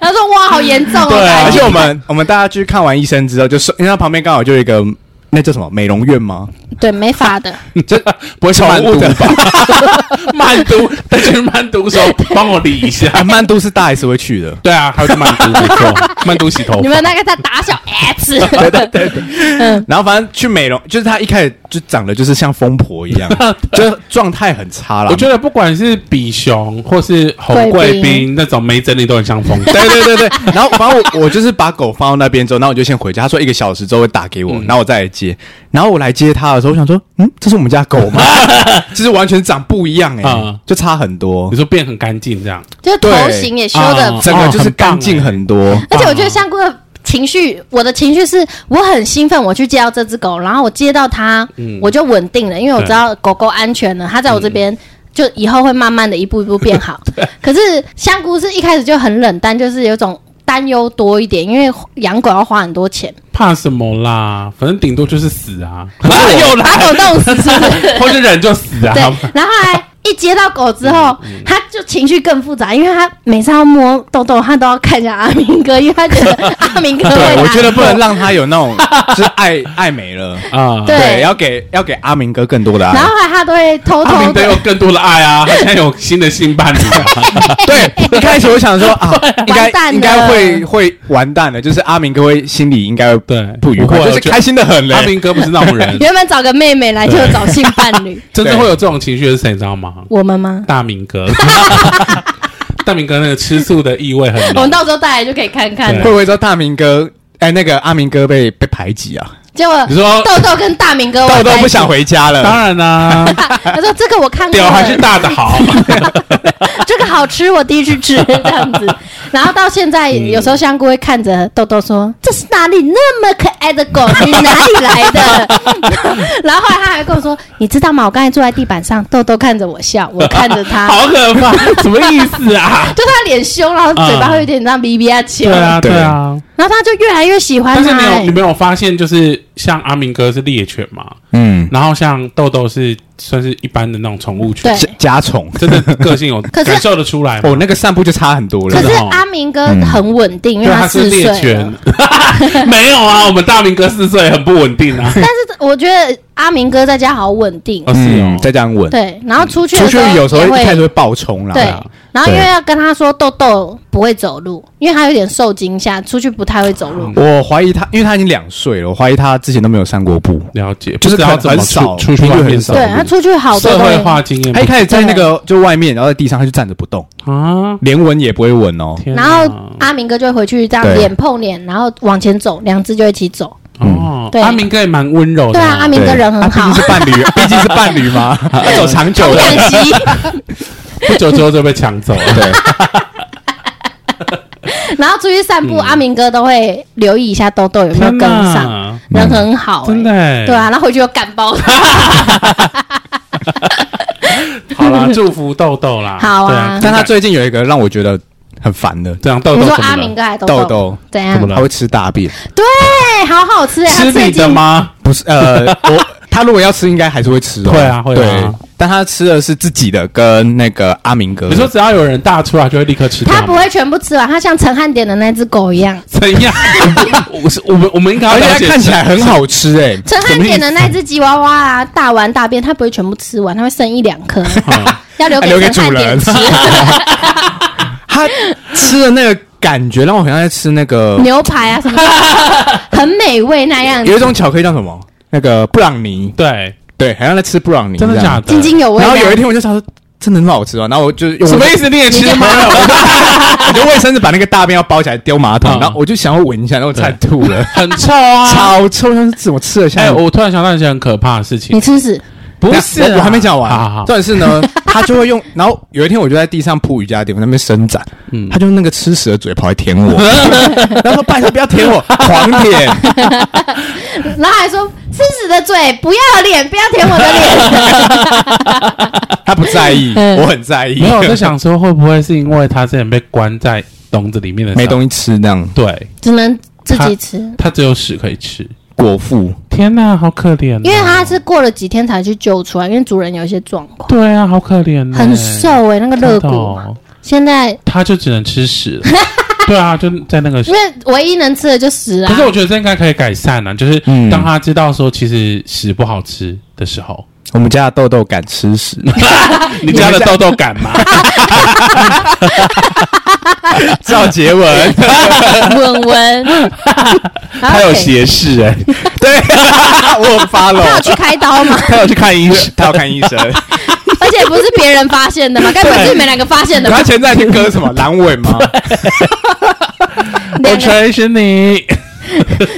她 說：“哇，好嚴重啊！”對啊，而且我們我們大家去看完醫生之後，就是因為他旁邊剛好就有一個那叫，欸、什麼美容院嗎？對，沒法的，這 不會是曼都吧物的吧？ 曼都，但去曼都的時候幫 我理一下、啊。曼都是大 S 會去的，對啊，還有是曼都 曼都洗頭。你們那個在打小 S， 對對對對、嗯。然後反正去美容，就是他一開始就長得就是像瘋婆一樣， 就狀態很差了。 我覺得不管是比熊或是紅貴賓那種沒整理都很像瘋婆。 對對對對。然後把我我就是把狗放到那邊之後，然後我就先回家。他說一個小時之後會打給我，嗯、然後我再來接。然後我來接他的。我想說，嗯，這是我們家狗嗎？ 就是完全長不一樣哎、欸啊，就差很多。你說變很乾淨這樣，就頭型也修的，真的就是乾淨很多、啊哦很棒欸。而且我覺得香菇的情緒，我的情緒是，我很興奮，我去接到這隻狗，然後我接到它、嗯，我就穩定了，因為我知道狗狗安全了，它在我這邊、嗯、就以後會慢慢的一步一步變好。 可是香菇是一開始就很冷淡，就是有種。擔憂多一點，因為養狗要花很多錢。怕什麼啦？反正頂多就是死啊，哪有弄有那種死是是或者忍就死啊。對，然後,後來。 一接到狗之後，嗯嗯、他就情緒更複雜，因為他每次要摸豆豆，他都要看一下阿明哥，因為他覺得阿明哥 對，我覺得不能讓他有那種、就是愛愛美了啊、嗯，對，要給要給阿明哥更多的、愛。然後他都會偷偷的，阿明哥有更多的愛啊，好像有新的性伴侶。對，對，一開始我想說啊，應該應該會會完蛋了，就是阿明哥會心裡應該會不愉快，就是開心的很。阿明哥不是那種人， 原本找個妹妹來就找性伴侶，真的、就是、會有這種情緒是誰知道嗎？我們嗎？大明哥， 大明哥那個吃醋的意味很濃。 我們到時候帶來就可以看看了，會不會說大明哥哎、欸，那個阿明哥，被被排擠啊？就你說豆豆跟大明哥我，豆豆不想回家了。當然啦、啊，他 說這個我看過了，屌還是大的好。 這個好吃，我第一次吃 這樣子。然後到現在，嗯、有時候香菇會看着豆豆說：“這是哪裡那麼可愛的狗？你哪裡來的？” 然後後來他還跟我說：“你知道嗎？我剛才坐在地板上，豆豆看着我笑，我看着他， 好可怕，什麼意思啊？” 就他臉兇，然後嘴巴會有點這樣比比啊，對啊，對、嗯、啊。然後他就越來越喜歡他。但是你、哎、你沒有發現就是。像阿明哥是獵犬嘛，嗯，然後像豆豆是。算是一般的那種寵物犬，家家寵真的個性有感受得出來。哦，那個散步就差很多了。可是阿明哥很穩定，因為他，他是獵犬。 沒有啊，我們大明哥四歲很不穩定啊。 但是我覺得阿明哥在家好穩定。哦，是哦，在家穩、嗯。對，然後出去出去有時候一開始會暴衝啦。對，然後因為要跟他說豆豆不會走路，因為他有點受驚嚇，出去不太會走路。嗯、我懷疑他，因為他已經兩歲了，我懷疑他之前都沒有散過步。了解，就是他很少出去就很少。對，他。出去好多社會化經驗，他一開始在那個就外面，然後在地上他就站着不動啊，連聞也不會聞哦。然後阿明哥就回去這樣臉碰臉，然後往前走，兩只就一起走。哦，嗯、對，阿、啊、明哥也蠻溫柔的，的對啊，阿明哥人很好、啊，畢竟是伴侶， 畢竟是伴侶嘛，要、 啊、走長久的。 可惜 不久之後就被搶走了。 對 然後出去散步、嗯，阿明哥都會留意一下豆豆有沒有跟上，人很好、欸，真的、欸，對啊，然後回去又趕包。 好啦，祝福豆豆啦。好啊，啊，但他最近有一個讓我覺得很煩的。這樣豆豆，豆豆？豆豆怎麼了，豆豆怎樣？他會吃大便。對，好好吃呀、啊。吃你的嗎？不是，呃， 他如果要吃，應該還是會吃，哦，對啊對。會啊，會啊。但他吃的是自己的，跟那個阿明哥。你說只要有人大出來，就會立刻吃。他不會全部吃完，他像陳漢典的那只狗一樣。怎樣？ 我我們我，我們應該，而且他看起來很好吃哎，欸。陳漢典的那只吉娃娃啊，大完大便，他不會全部吃完，他會剩一兩顆， 要留給留給主人吃。 他吃的那個感覺讓我好像在吃那個牛排啊什麼的， 很美味那樣子。有一種巧克力叫什麼？那個布朗尼，對對，好像在吃布朗尼，真的假的？津津有味。然後有一天我就想說，真的很好吃啊？然後我就我什麼意思？你也吃嗎？ 我就衛生紙把那個大便要包起來丟馬桶，嗯，然後我就想要聞一下，然後我才吐了，很 臭啊，超臭！但是怎麼吃了下哎，欸，我突然想到一件很可怕的事情，你吃屎。不是，我還沒講完。但是呢，他就會用。然後有一天，我就在地上鋪瑜伽墊，我在那邊伸展、嗯。他就那個吃屎的嘴跑來舔我， 然後說：“拜托，不要舔我！” 狂舔填， 然後還說：“吃屎的嘴，不要臉，不要舔我的臉。 ”他不在意， 我很在意。沒有，我在想說，會不會是因為他之前被關在籠子裡面的，沒東西吃那樣？對，只能自己吃，他只有屎可以吃。果腹，天哪，好可憐，哦！因為他是過了幾天才去救出來，因為主人有一些狀況。對啊，好可憐，欸，很瘦哎，欸，那個肋骨，現在他就只能吃屎。 對啊，就在那個，因為唯一能吃的就屎啊。可是我覺得這應該可以改善呢，啊，就是當他知道說其實屎不好吃的時候。嗯我們家的豆豆敢吃屎， 你家的豆豆敢嗎？趙杰文， 文文，他有斜視哎， 對， 我發了。他有去開刀嗎？他有去看醫生，他要看醫生。 而且不是別人發現的嗎？根本就沒兩個發現的。他現在聽歌什麼闌尾嗎？I trust you.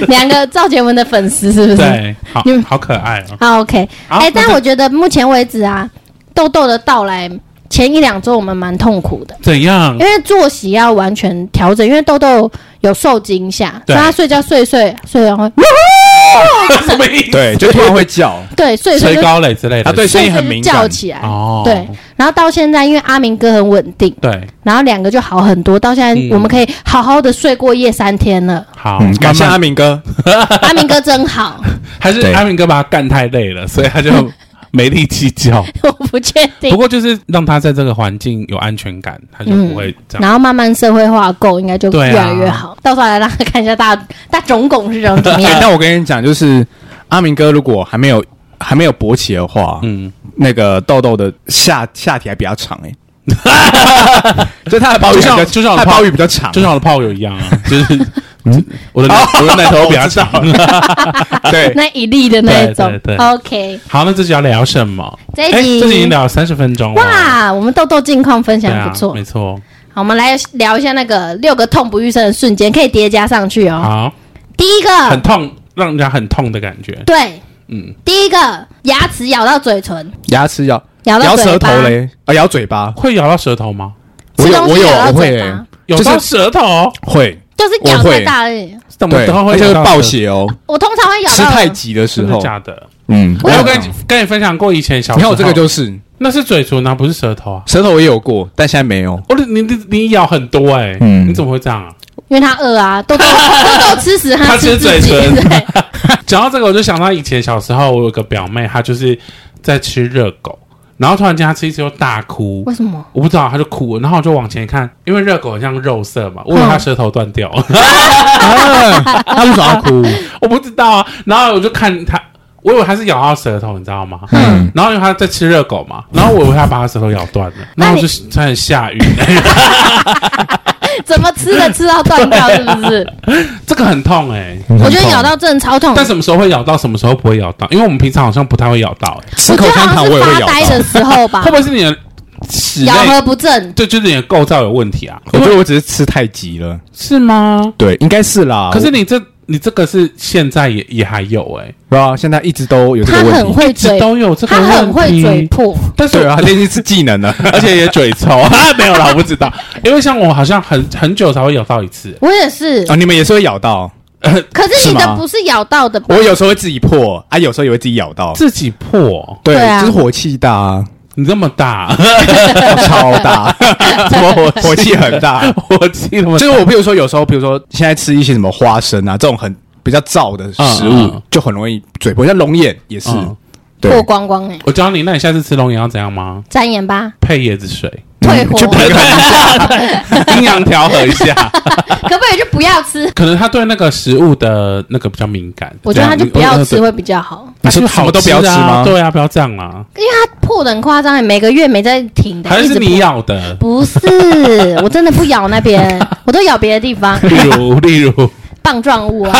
兩 個趙杰文的粉絲是不是？對，好，好可愛，好 OK 哎，但我覺得目前為止啊，豆豆的到來前一兩周我們蠻痛苦的。怎樣？因為作息要完全調整，因為豆豆。有受驚嚇，所以他睡覺睡睡睡，然後會、啊，什麼意思？對，就突然會叫。對，睡睡高磊之類的，他對聲音很敏感，叫起來哦，對。然後到現在，因為阿明哥很穩定，對。然後兩個就好很多，到現在我們可以好好的睡過夜三天了。好、嗯，感、嗯、謝阿明哥。 阿明哥真好。還是阿明哥把他幹太累了，所以他就。 沒力氣叫，我 不確定。不過就是讓他在這個環境有安全感，他就不會這樣。嗯、然後慢慢社會化夠，應該就越來越好，啊。到時候來讓他看一下大大種狗是什麼樣。 對，但我跟你講，就是阿明哥如果還沒有還沒有勃起的話，嗯，那個痘痘的下下體還比較長哎，欸，哈哈哈哈哈，所以他的包 就像他的包皮比較長，欸，就，就像我的泡友、欸、一樣啊，就是。 嗯，我的奶 我的奶頭我比較少， 對，那一粒的那一種，對，對，對，OK。好，那這集要聊什麼？這一集、欸、這集已經聊了三十分鐘、哦、哇，我們痘痘近況分享不錯、啊，沒錯。好，我們來聊一下那個六個痛不欲生的瞬間，可以疊加上去哦。好，第一個很痛，讓人家很痛的感覺。對，嗯，第一個牙齒咬到嘴唇，牙齒咬咬到咬舌頭嘞，啊，咬嘴巴會咬到舌頭嗎？我有，我有，會，咬到、就是、有到舌頭、哦、會。就是咬太大而已，欸，怎麼會就會爆血哦？我通常會咬吃太急的時候，的時候假的。嗯，我有跟跟你分享過，以前小時候你看我這個就是，那是嘴唇啊，不是舌頭啊，舌頭也有過，但現在沒有。哦，你你你咬很多哎，欸，嗯，你怎麼會這樣啊？因為他餓啊，都都都都吃死他，吃 嘴唇。講 到這個，我就想到以前小時候，我有個表妹，她就是在吃熱狗。然後突然間他吃一吃又大哭，為什麼？我不知道，他就哭了。然後我就往前看，因為熱狗很像肉色嘛，我以為他舌頭斷掉。嗯 嗯、他為什麼要哭，嗯？我不知道啊。然後我就看他，我以為他是咬到舌頭，你知道嗎？嗯。然後因為他在吃熱狗嘛，嗯、然後我以為他把他舌頭咬斷了，那、嗯、我就差點 下雨。 怎麼吃的吃到斷掉是不是？啊、這個很痛哎、欸，我覺得咬到真的超痛的。但什麼時候會咬到，什麼時候不會咬到？因為我們平常好像不太會咬到、欸、吃，吃口香糖我也會咬到。是發呆的時候吧， 會不會是你的咬合不正？對，就是你的構造有問題啊。我覺得我只是吃太急了，是嗎？對，應該是啦。可是你這。你這個是現在也也還有哎、欸，知道、啊，現在一直都有這個問題很會，一直都有這個問題。他很會嘴破，但是有他練一次技能了，而且也嘴臭 沒有了，我不知道。 因為像我好像很很久才會咬到一次，我也是。你們也是會咬到，可是你的不是咬到的。我有時候會自己破啊，有時候也會自己咬到，自己破。對，對啊，就是火氣大。你這麼大、啊 哦，超大， 麼火火氣很大，火氣什麼，麼？就是我，比如說有時候，比如說現在吃一些什麼花生啊，這種很比較燥的食物，嗯嗯、就很容易嘴破。像龍眼也是對。破、嗯、光光、欸、我教你，那你下次吃龍眼要怎樣嗎？蘸鹽巴，配椰子水。退火，去平衡一下，陰陽調和一下 ，可不可以就不要吃？可能他對那個食物的那個比較敏感，我覺得他就不要吃會比較好。哦那啊，是不是什麼、啊，都不要吃嗎？對啊，不要這樣啊！因為他破得很誇張，每個月沒在停的，還是你咬的？不是，我真的不咬那邊， 我都咬別的地方。 例如，例如棒狀物啊，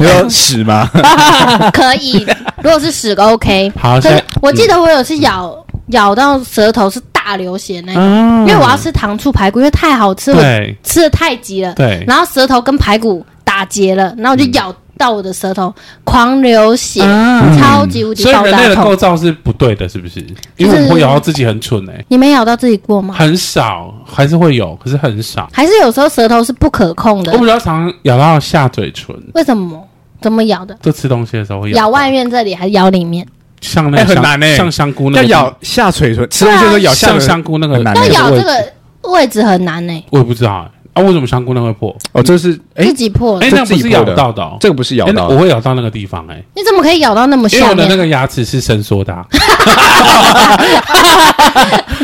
有 屎嗎？ 可以，如果是屎，OK 好、啊。好，謝我記得，嗯、我有是咬咬到舌頭是。大流血呢、哦，因為我要吃糖醋排骨，因為太好吃了，吃的太急了。對，然後舌頭跟排骨打結了，然後我就咬到我的舌頭，嗯、狂流血，嗯、超級無敵。爆炸。所以人類的構造是不對的，是不是？因為我會咬到自己很蠢呢、欸？你沒咬到自己過嗎？很少，還是會有，可是很少。還是有時候舌頭是不可控的。我比較常咬到下嘴唇，為什麼？怎麼咬的？就吃東西的時候會咬。咬外面這裡還是咬裡面？像那、欸、很難像香菇那個咬下嘴唇，吃的時候咬下。像香菇那個難、那個，要咬這個位置、那個、位置很難誒、欸。我也不知道、欸，啊，為什麼香菇那會破？哦，這、就是、欸、自己破，哎、欸欸，那不是咬到的、哦，這個不是咬到，我會咬到那個地方哎、欸，你怎麼可以咬到那麼？因為我的那個牙齒是伸縮的、啊，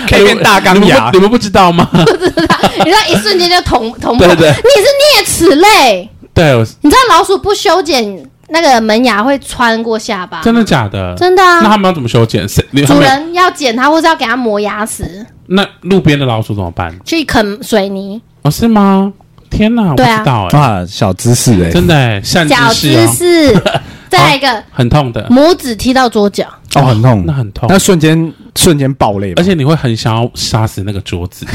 可以變大鋼牙你，你們不知道嗎？ 不知道，你知道一瞬間就痛痛不？對，不對你是齧齒類，對，你知道老鼠不修剪。那個門牙會穿過下巴，真的假的？真的啊！那他們要怎麼修剪？主人要剪它，或是要給它磨牙齒？那路邊的老鼠怎麼辦？去啃水泥？哦，是嗎？天哪、啊啊！我知道哎、欸，啊，小知識哎、欸，真的像、欸、小知識。 再一個、啊、很痛的拇指踢到桌角哦，哦，很痛，那很痛，那瞬間瞬間爆裂，而且你會很想要殺死那個桌子，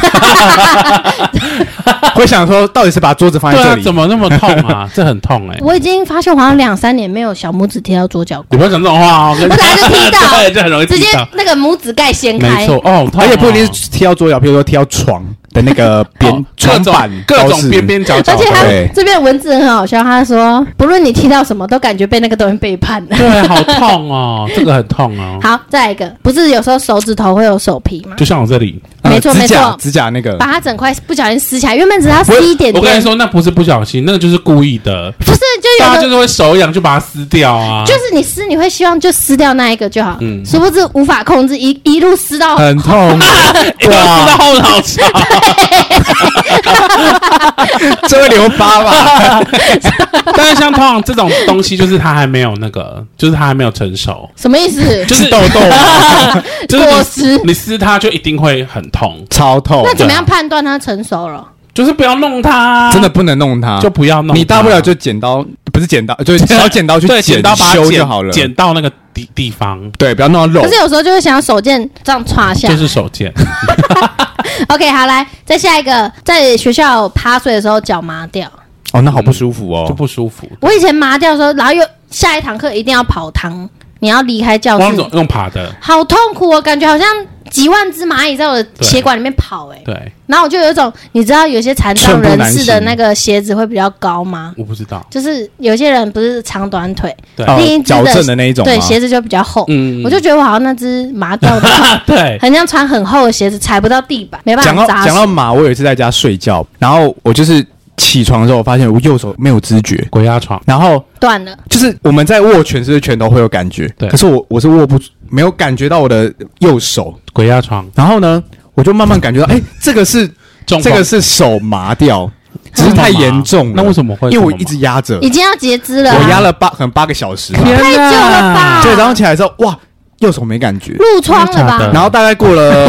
會想說到底是把桌子放在這裡，啊、怎麼那麼痛啊？ 這很痛哎、欸！我已經發現好像兩三年沒有小拇指踢到桌角過，不要講這種話、啊、我本來就踢到， 對，就很容易踢到直接，那個拇指蓋掀開，哦，哦，而且不一定是踢到桌角，比如說踢到床的那個邊、哦、床板各，各種邊邊角角，而且他這邊文字很好笑，他說不論你踢到什麼，都感覺被那個東。背叛的，對，好痛哦， 這個很痛哦、啊。好，再來一個，不是有時候手指頭會有手皮嗎？就像我這裡，啊、沒錯、呃、沒錯，指甲那個，把它整塊不小心撕起來，原本只要撕一點、點、啊，我跟你說那不是不小心，那個就是故意的，不、就是就有個，他就是會手癢就把它撕掉啊，就是你撕你會希望就撕掉那一個就好，嗯，殊不知無法控制一一路撕到很痛， 一路撕到後腦勺 對 這會留疤吧 但是像通常這種東西，就是它還沒有那個，就是它還沒有成熟。什麼意思？就是痘痘， 就是果你， 你，撕 你撕它就一定會很痛，超痛。那怎麼樣判斷它成熟了、啊？就是不要弄它，真的不能弄它，就不要弄它。你大不了就剪刀，不是剪刀，就是小剪刀去剪，修就好了。剪到那個地地方，對，不要弄到肉。可是有時候就是想要手賤這樣插下，就是手賤。 OK，好，來，再下一個，在學校趴睡的時候腳麻掉，哦，那好不舒服哦。嗯，就不舒服。我以前麻掉的時候，然後又下一堂課一定要跑堂。你要離開教室，用爬的，好痛苦哦！感覺好像幾萬隻螞蟻在我的血管裡面跑欸、對，然後我就有一種，你知道有些殘障人士的那個鞋子會比較高嗎？我不知道，就是有些人不是長短腿，對，矯正的那一種，對，鞋子就比較厚。嗯，我就覺得我好像那隻麻掉的，對，很像穿很厚的鞋子，踩不到地板，沒辦法。講到講到麻，我有一次在家睡覺，然後我就是。起床的時候，我發現我右手沒有知覺，鬼壓床，然後斷了。就是我們在握拳，是不是拳頭會有感覺？對。可是我我是握不，沒有感覺到我的右手鬼壓床。然後呢，我就慢慢感覺到，哎、 欸，這個是這個是手麻掉，只是太嚴重。那為什麼會？因為我一直壓着，已經要截肢了、啊。我壓了八可能八個小時，太久了吧？對、啊。早上起來之後，哇！右手沒感覺，入窗了吧真的假的？然後大概過了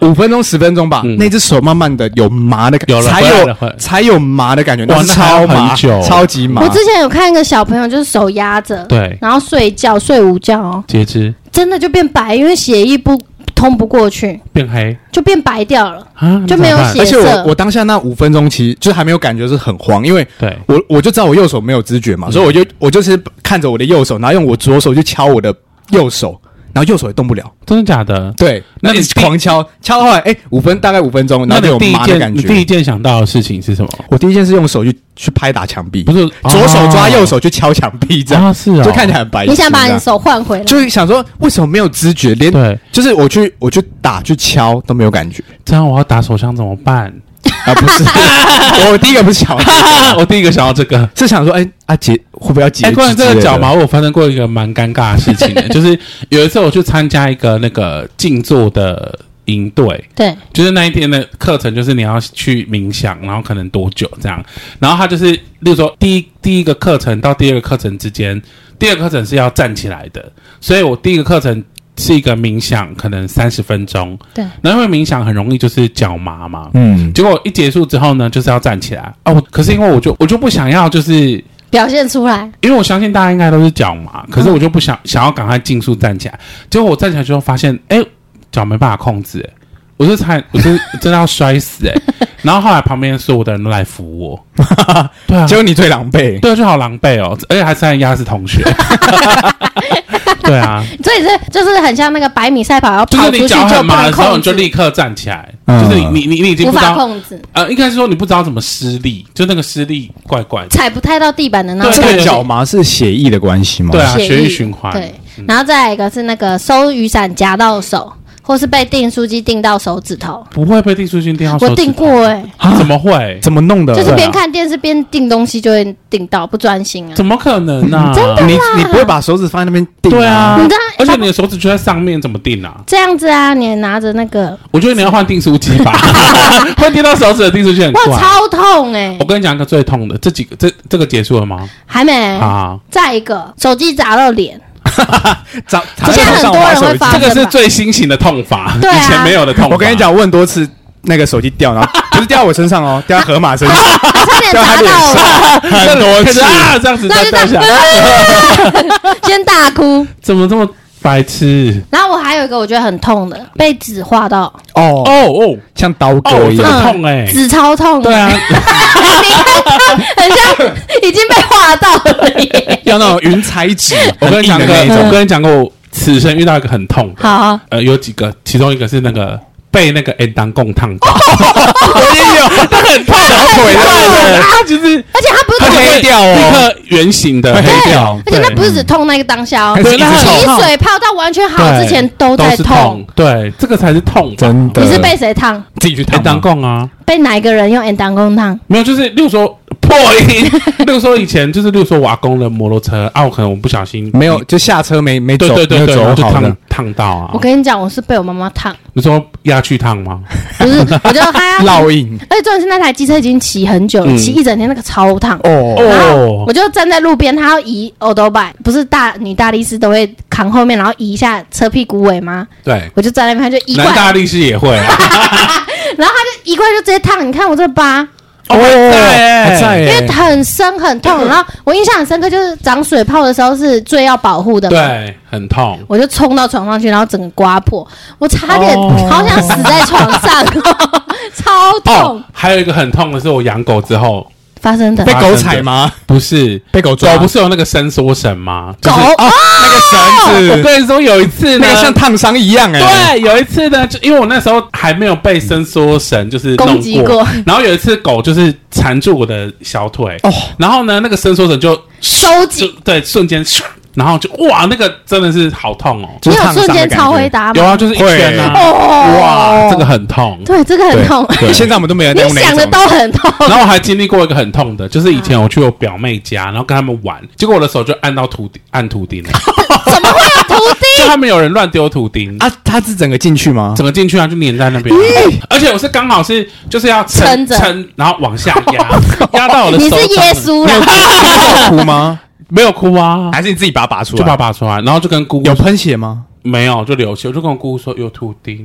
五分鐘、十分鐘吧，嗯、那只手慢慢的有麻的感，才有了才有麻的感覺，哇，真的超麻，超級麻。我之前有看一個小朋友，就是手壓着，對，然後睡覺睡午覺，截肢真的就變白，因為血液不通不過去，變黑就變白掉了啊，就沒有血色。而且我,我當下那五分鐘其實就還沒有感覺是很慌，因為我對我,我就知道我右手沒有知覺嘛，嗯、所以我就我就是看着我的右手，然後用我左手去敲我的。右手，然後右手也動不了，真的假的？對，那你狂敲你敲到後來，哎、欸，五分大概五分鐘，然後有麻的感覺你，你第一件想到的事情是什麼？我第一件是用手去去拍打牆壁，不是左手抓、啊、右手去敲牆壁，這樣啊是啊、哦，就看起來很白。你想把你手換回來？就想說為什麼沒有知覺，連對，就是我去我去打去敲都沒有感覺。這樣我要打手槍怎麼辦？ 啊，不是，我第一個不是想要、這個， 我第一個想到這個， 個想要、這個、是想說，哎、欸，阿、啊、杰，會不會要講？哎、欸，關於這個腳毛，我發生過一個蠻尷尬的事情的， 就是有一次我去參加一個那個靜坐的營隊，對，就是那一天的課程，就是你要去冥想，然後可能多久這樣，然後他就是，例如說第，第一第一個課程到第二個課程之間，第二課程是要站起來的，所以我第一個課程。是一個冥想，可能三十分鐘。對。那因為冥想很容易就是腳麻嘛。嗯。結果一結束之後呢，就是要站起來。哦。可是因為我就我就不想要就是表現出來，因為我相信大家應該都是腳麻，可是我就不想、哦、想要趕快盡速站起來。結果我站起來之後發現，哎，腳沒辦法控制、欸，我就差我就真的要摔死哎、欸。 然後後來旁邊所有的人都來扶我。 對啊。結果你最狼狽。對啊，就好狼狽哦，而且還差點壓死同學。 對啊，所以是就是很像那個百米賽跑要跑出去就、就是、你腳麻的時候，你就立刻站起來，嗯、就是你你你已經不無法控制。呃，應該是說你不知道怎麼施力，就那個施力怪怪的，踩不太到地板的那種。這個腳麻是血液的關係嘛？對啊血，血液循環。對、嗯，然後再來一個是那個收雨傘夾到手。或是被訂書機訂到手指頭，不會被訂書機訂到手指頭。我訂過誒、欸啊、怎麼會？怎麼弄的？就是邊看電視邊訂東西，就會訂到，不專心啊，啊！怎麼可能呢、啊嗯？真的啊！你你不會把手指放在那邊訂、啊、對啊？你知道而且你的手指就在上面，怎麼訂啊？這樣子啊，你拿着那個，我覺得你要換訂書機吧， 會訂到手指的訂書機，哇，超痛誒、欸、我跟你講一個最痛的，這幾個這這個結束了嗎？還沒啊！再一個，手機砸到臉。 長在頭上玩手機，這個是最新型的痛法，以前沒有的痛。我跟你講，問多次那個手機掉，然後不是掉在我身上哦，掉河馬身上，差點打到我，很多次啊，這樣子掉下來這樣就在在想，啊啊，先大哭，怎麼這麼白痴？然後我還有一個我覺得很痛的，被紙劃到，哦哦哦，像刀割一樣，oh, 痛哎，欸，紙、嗯、超痛，對啊， 你看，很像。已經被劃到了，了 要那種雲彩紙。 我跟你講過，我跟你講過，此生遇到一個很痛。好，好，呃，有幾個，其中一個是那個被那個電棒捲燙到，他很痛，小腿啊， 他就是，而且他不是會掉哦，立刻圓形的黑掉，而且他 而且不是只痛那個當下哦，對，起水泡到完全好之前都在痛，對，這個才是痛，啊真這個才是痛啊，真的。你是被誰燙？自己去燙電棒捲啊？被哪一個人用電棒捲燙？沒有，就是六說烙印，比如說以前就是，比如說瓦工的摩托車，啊，我可能我不小心沒有就下車沒沒走，對對對，對，對，然後，就燙燙到啊！我跟你講，我是被我媽媽燙。你說壓去燙嗎？不是，我就他要烙印，而且重點是那台機車已經騎很久了，騎、嗯、一整天，那個超燙哦。然後我就站在路邊，他要移歐兜拜不是大女大力士都會扛後面，然後移一下車屁股尾嗎？對，我就站在那邊就移。大力士也會， 然後他就移過來就直接燙，你看我這疤。哦、oh oh oh oh oh oh oh oh，因為很深很痛，然後我印象很深刻，就是長水泡的時候是最要保護的，對，很痛。我就衝到床上去，然後整個刮破，我差點好想死在床上，oh、超痛、哦。還有一個很痛的是我養狗之後。發生的被狗踩嗎？不是被狗抓，不，狗不是有那個伸縮繩嗎？狗、就是哦、啊，那個繩子，我跟你說，有一次呢那個像燙傷一樣誒、欸、對，有一次呢，就因為我那時候還沒有被伸縮繩就是弄攻擊過，然後有一次狗就是纏住我的小腿哦，然後呢，那個伸縮繩就收緊，對，瞬間。然後就哇，那個真的是好痛哦！沒有瞬間超回答，有啊，就是一圈啊、oh，哇，這個很痛，對，這個很痛。現在我們都沒有你想的都很痛。然後我還經歷過一個很痛的，就是以前我去我表妹家，然後跟他們玩，結果我的手就按到圖釘，按圖釘了。 怎麼會有圖釘？就他們有人亂丟圖釘 啊？他是整個進去嗎？整個進去啊，就粘在那邊、嗯哦。而且我是剛好是就是要撐，撐着，撐然後往下壓， 壓到我的手。你是耶穌啦？壓 到，我到我哭嗎？沒有哭啊，還是你自己把它拔出來？就把它拔出來，然後就跟姑姑，有噴血嗎？沒有，就流血，我就跟我姑姑說有土釘 ，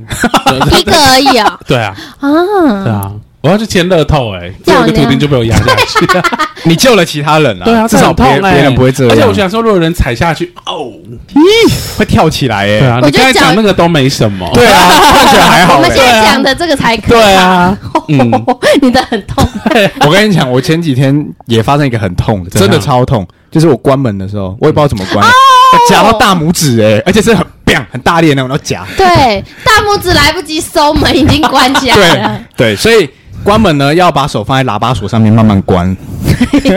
一個而已啊、哦，對啊，啊，對啊。我要去簽樂透哎、欸，一個圖釘就被我壓下去了你、啊。你救了其他人啊？對啊，至少別別人不會這樣，而且我想說，如果有人踩下去，哦，會跳起來哎、欸。對啊我，你剛才講那個都沒什麼。對啊，看 起來還好、欸。我們現在講的這個才可以對啊、嗯哦。你的很痛、啊。我跟你講，我前幾天也發生一個很痛的，真的，真的超痛，就是我關門的時候，我也不知道怎麼關，夾、哦啊、到大拇指誒、欸、而且是很，很大力那種然後夾。對，大拇指來不及收，門已經關起來了。 對，對，所以。關門呢，要把手放在喇叭鎖上面慢慢關。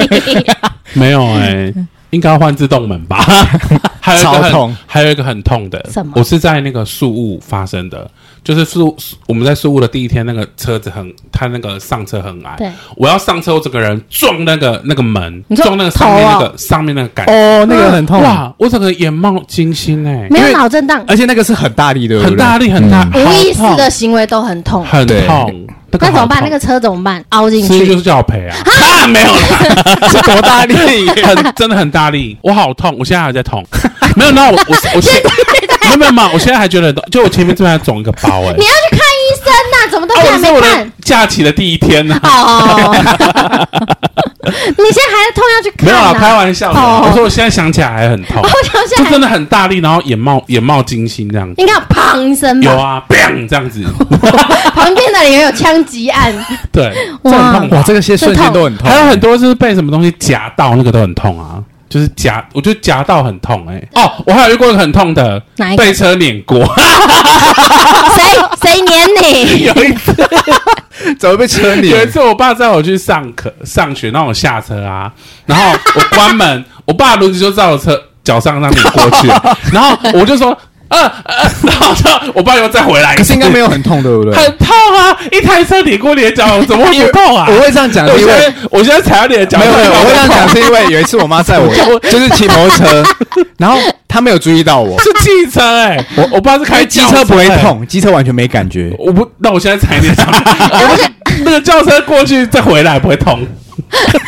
沒有哎、欸，應該要換自動門吧 還有一個。超痛！還有一個很痛的，什麼？我是在那個樹屋發生的，就是樹，我們在樹屋的第一天，那個車子很，他那個上車很矮，對，我要上車，我整個人撞那個那個門，撞那個上面那個、哦、上面那個桿，哦，那個很痛，哇！我整個人眼冒金星哎，沒有腦震盪，而且那個是很大力的，很大力，很大，無意識的行為都很痛，很痛。那個、那怎麼辦？那個車怎麼辦？凹進去是就是叫我賠啊！哈，啊、沒有啦， 是多大力，很真的，很大力，我好痛，我現在還在痛。 沒有，那我我我現在， 在沒有沒有嘛，我現在還覺得就我前面這邊還腫一個包哎、欸，你要去看醫生呢、啊。哦、這是我還沒看假期的第一天呢。好，你現在還痛要去看？啊？沒有啊，開玩笑。哦、我說我現在想起來還很痛。哦。我想起來就真的很大力，然後眼冒眼冒金星這樣子。你看砰一聲，有啊，砰這樣子 旁邊那裡也有槍擊案。對，很痛哇，哇，這個些瞬間都很痛，還有很多就是被什麼東西夾到，那個都很痛啊。就是夾，我就夾到很痛哎、欸。哦，我還有遇過很痛的，被車碾過。誰誰碾你？ 有一次，怎麼被車碾？ 有一次，我爸載我去上課、上學，讓我下車啊，然後我關門， 我爸輪子就在我車腳上讓你過去， 然後我就說。啊啊！好、啊、像我爸又再回來，可是應該沒有很痛，對不對，對？很痛啊！一台車輾過你的腳，怎麼會不痛啊？ 我？我會這樣講，因為我現，我現在踩到你的腳。沒有，沒有我會這樣講，是因為有一次我媽載我， 我，就是騎摩托車， 然後她沒有注意到我，是汽車哎、欸！我我爸是開車機車不會痛，機車完全沒感覺。我不，那我現在踩你的腳，那個轎車過去再回來不會痛。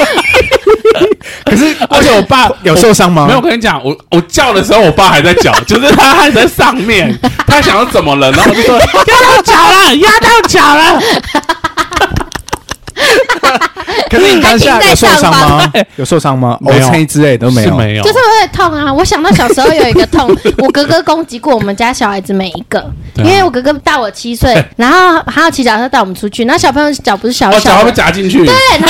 可是，而且我爸有受傷嗎？沒有，我跟你講，我我叫的時候，我爸還在叫， 就是他還在上面，他想要怎麼了？然後就說壓到腳了，壓到腳了。 可是你當下有受傷嗎？有受傷嗎？凹成、哦、之類都沒有，沒有，就是會痛啊。我想到小時候有一個痛， 我哥哥攻擊過我們家小孩子每一個，啊、因為我哥哥大我七歲，然後還有騎腳踏車帶我們出去，然後小朋友腳不是小小的，腳被夾進去，對，然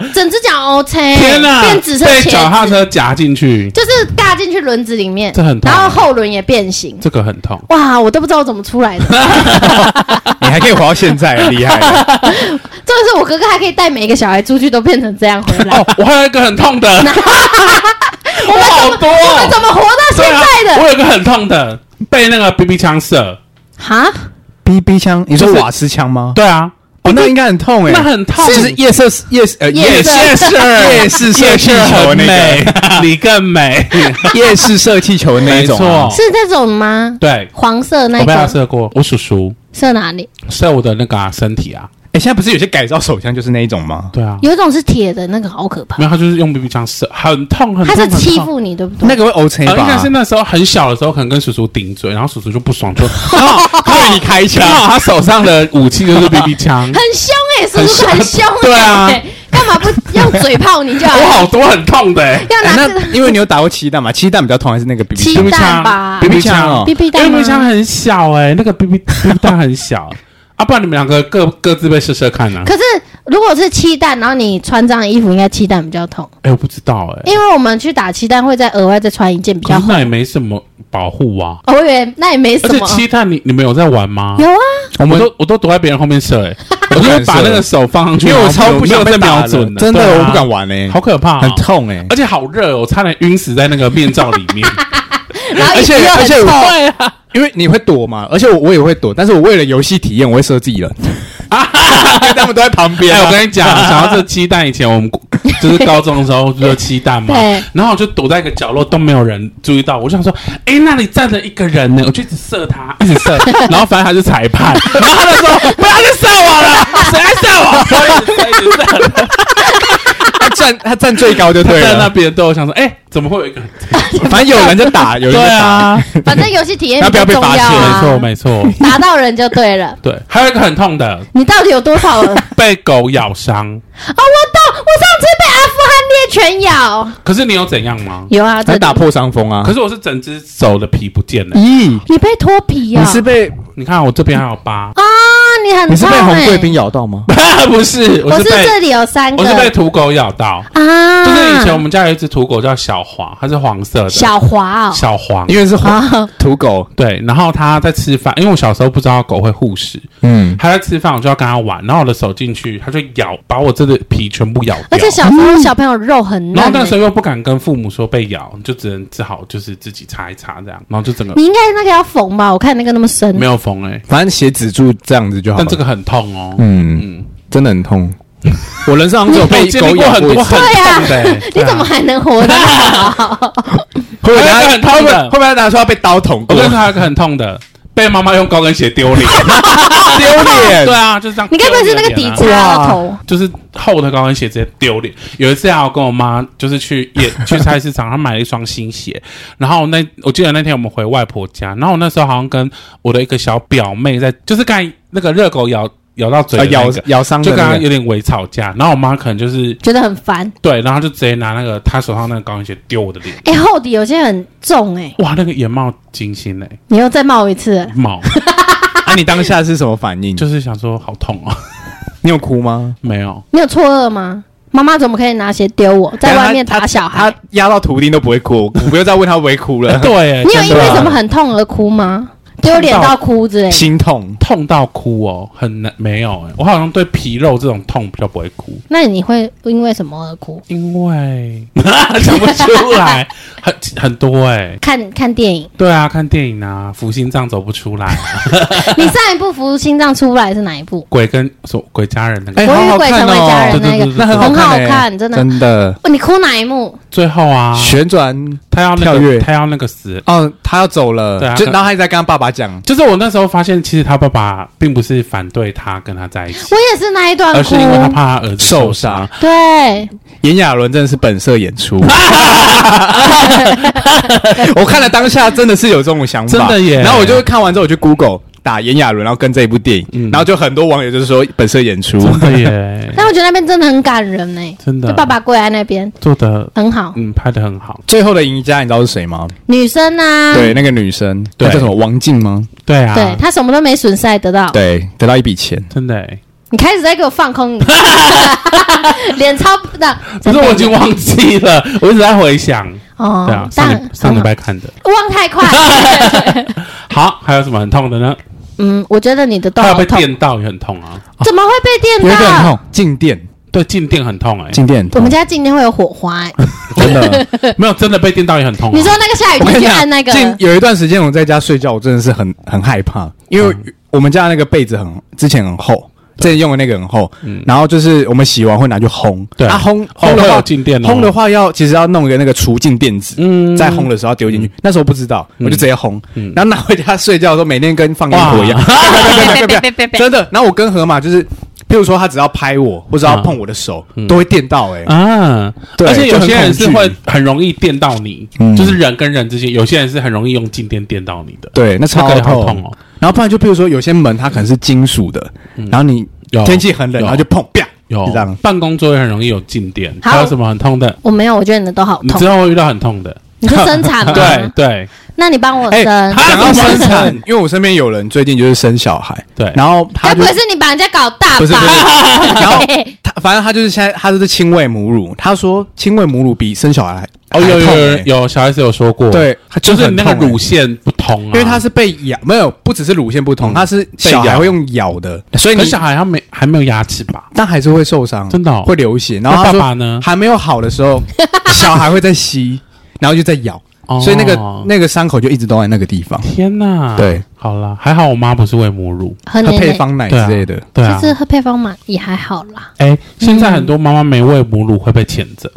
後整只腳 o 成，天哪、啊，變紫色，對，腳踏車夾進去，就是尬進去輪子裡面，這很痛、啊，然後後輪也變形，這個很痛，哇，我都不知道我怎麼出來的， 你還可以活到現在，厲害，這 個是我哥哥還可以帶每一個小孩住。出去都變成這樣回來， 哦，我還有一個很痛的， 我們怎麼、哦、我們怎麼活到現在的？啊、我有一個很痛的，被那個 BB 槍射。哈？BB 槍？你說瓦斯槍嗎？對啊，哦，那應該很痛誒，那很痛，就是，是夜色夜呃夜色夜市 夜市射氣球，你 更你更美， 夜市射氣球那一種、啊啊，是這種嗎？對，黃色那一種射過，我叔叔射哪裡？射我的那個、啊、身體啊。欸、現在不是有些改造手槍，就是那一種嗎？對啊，有一種是鐵的，那個好可怕。沒有，他就是用 BB 槍射，很痛很痛。他是欺負你，對不對？那個會嘔、OK、成、哦。應該是那時候很小的時候，可能跟叔叔頂嘴，然後叔叔就不爽，就對 然後 你開槍。他手上的武器就是 BB 槍， 很凶哎、欸，叔叔很凶，很凶、欸，對啊。幹嘛不 用嘴炮？你就 我好多很痛的、欸。要拿這，那 因為你有打過氣彈嘛？氣彈比較痛，還是那個 BB 槍七吧？BB 槍 BB 彈。BB 槍很小哎、欸，那個 BB 彈 很小。 啊、不然你們兩個各各自被射射看呢、啊？可是如果是漆彈，然後你穿這樣的衣服，應該漆彈比較痛。哎、欸，我不知道哎、欸。因為我們去打漆彈，會再額外再穿一件比較。那也沒什麼保護啊。哦我以為那也沒什麼。而且漆彈，你你們有在玩嗎、哦？有啊，我們我都我都躲在別人後面射哎、欸。我就把那個手放上去， 因為我超不想再瞄準的，真的、啊、我不敢玩哎、欸，好可怕、哦，很痛哎、欸，而且好熱、哦，我差點暈死在那個面罩裡面。 而且而且很因為你會躲嘛，而且我我也會躲，但是我為了遊戲體驗，我會射自己人，啊哈哈、哈、哈因為他們都在旁邊，啊哎。我跟你講，啊、哈哈想要這漆彈以前，我們就是高中的時候，熱 是漆彈嘛， 然後我就躲在一個角落，都沒有人注意到，我就想說，哎，那裡站着一個人呢，我就一直射他， 一直射。然後反正他是裁判， 然後他就說，不要再射我了， 誰在射我？所以一直在一直射。 他站，他站最高就站在對了。那邊，對，我想說，哎、欸，怎麼會有一個？ 反正有人就打， 啊、有人就打。啊， 反正遊戲體驗。要不要被發現，沒錯沒錯。打 到人就對了。對，還有一個很痛的。 你到底有多少人 被狗咬傷？啊、 哦，我到我上次被阿富汗。全咬，可是你有怎樣嗎？有啊，還打破傷風啊！可是我是整隻手的皮不見了，咦、欸？你被脫皮呀？你是被……你看我這邊還有疤啊！你很、欸……你是被紅貴賓咬到嗎？啊、不是，我是，我是這裡有三個，我是被土狗咬到啊！就是以前我們家有一隻土狗叫小黃，它是黃色的，小黃、哦，小黃，因為是黃，啊、土狗對。然後它在吃飯，因為我小時候不知道狗會護食，嗯，它在吃飯，我就要跟它玩，然後我的手進去，它就咬，把我這個皮全部咬掉。而且小、嗯、小朋友。肉很、欸，然後那時候又不敢跟父母說被咬，就只能只好就是自己擦一擦這樣，然後就整個，你應該那個要縫吧？我看那個那麼深，沒有縫哎、欸，反正血止住這樣子就好。但這個很痛哦，嗯，嗯，真的很痛。 我人生很久被、欸、 狗咬過，對、啊對啊、你怎麼還能活的、啊？ 會不會個很痛的？會不會，會，不會拿出來被刀捅過？真的還有個很痛的。被媽媽用高跟鞋丟臉，丟 臉丟臉， 對啊，就是這樣，啊。你該不會是那個底子啊。啊頭，就是厚的高跟鞋直接丟臉。有一次啊，我跟我媽就是去也 去菜市場，她買了一雙新鞋，然後那我記得那天我們回外婆家，然後我那時候好像跟我的一個小表妹在，就是幹那個熱狗咬。咬到嘴、那個啊，咬咬傷、那個，就剛剛有點微吵架，然後我媽可能就是覺得很煩，對，然後就直接拿那個她手上那個高跟鞋丟我的臉，哎、欸，厚底有些很重哎、欸，哇，那個眼冒金星哎，你又再冒一次，冒， 啊，你當下是什麼反應？ 就是想說好痛哦、喔。你有哭嗎？沒有，你有錯愕嗎？媽媽怎麼可以拿鞋丟我？在外面打小孩，壓到圖釘都不會哭，我不要再問她會哭了， 對、欸 啊，你有因為什麼很痛而哭嗎？丟臉到哭之類，心痛痛到哭哦很難沒有、欸、我好像對皮肉這種痛比較不會哭。那你會因為什麼而哭？因為走 不出來，很很多哎、欸。看看電影？對啊，看電影啊，服心臟走不出來、啊。 你上一部服心臟出不來是哪一部？鬼跟所鬼家人那個，鬼、欸、與、哦、鬼成為家人那個，對對對對對對那很好看，、欸、很好看，真的真的。你哭哪一幕？最後啊，旋轉。他要、那個、跳躍，他要那個死，嗯、哦，他要走了，對啊、就然後還在跟他爸爸講，就是我那時候發現，其實他爸爸並不是反對他跟他在一起，我也是那一段，而是因為他怕他兒子受傷。受傷，對，炎亞綸真的是本色演出， 我看了當下真的是有這種想法，真的耶。然後我就看完之後，我去 Google。打炎亞綸，然後跟這一部電影，嗯、然後就很多網友就是說本色演出，對耶 但我覺得那邊真的很感人呢，真的，爸爸跪在那邊做得很好，嗯，拍得很好。最後的贏家你知道是誰嗎？女生啊，對，那個女生，對叫什麼？王靜嗎？對啊，對她什麼都沒損失，還得到，對，得到一筆錢，真的。你開始在給我放空， 臉超不的， 不是 我已經忘記了，我一直在回想，哦，啊、上、嗯、上禮拜、嗯、看的、嗯，忘太快。 對對對 好，還有什麼很痛的呢？嗯，我覺得你的痛，他被電到也很痛啊！痛怎麼會被電到？哦、有一很痛，靜電，對，靜電很痛哎、欸，靜電、嗯。我們家靜電會有火花哎、欸， 真的 沒有，真的被電到也很痛、啊。你說那個下雨天，天下的那個？有一段時間我在家睡覺，我真的是很很害怕，因為、嗯、我們家那個被子很之前很厚。之前用的那個很厚，嗯，然後就是我們洗完會拿去烘，對啊烘，烘烘有靜電、哦、烘的話要其實要弄一個那個除靜電子，嗯，在烘的時候丟進去、嗯。那時候不知道、嗯，我就直接烘，嗯，然後拿回家睡覺的時候，每天跟放煙火一樣，別別別別別！ 對對對對被被被被真的。然後我跟河馬就是，譬如說他只要拍我或者要碰我的手，啊，都會電到哎、欸、啊！而且有些人是會很容易電到你，嗯、就是人跟人之間，有些人是很容易用靜電電到你的。對，那超那痛哦。然後不然就譬如說，有些門它可能是金屬的，嗯、然後你天氣很冷，然後就砰啪，就這樣，辦公桌也很容易有靜電，還有什麼很痛的？我沒有，我覺得你的都好痛。你之後會遇到很痛的。 你是生產嗎？對對，那你幫我生。欸、他想要生產， 因為我身邊有人最近就是生小孩，對，然後他不是你把人家搞大，不是不是 對。然後他反正他就是現在他就是親餵母乳，他說親餵母乳比生小孩還哦還痛、欸、有有有小孩子有說過，對，就是那個乳腺不通、啊，因為他是被咬，沒有不只是乳腺不通、嗯，他是小孩會用咬的，嗯、所以你小孩他沒還沒有牙齒吧，但還是會受傷，真的、哦、會流血。然後爸爸呢還沒有好的時候，小孩會在吸。 然後就在咬，oh. 所以那個那個傷口就一直都在那個地方。天吶！對，好啦。還好我媽不是餵母乳，喝配方奶之類的，對啊對啊、其實喝配方奶也還好啦。哎、欸嗯，現在很多媽媽沒餵母乳會被譴責。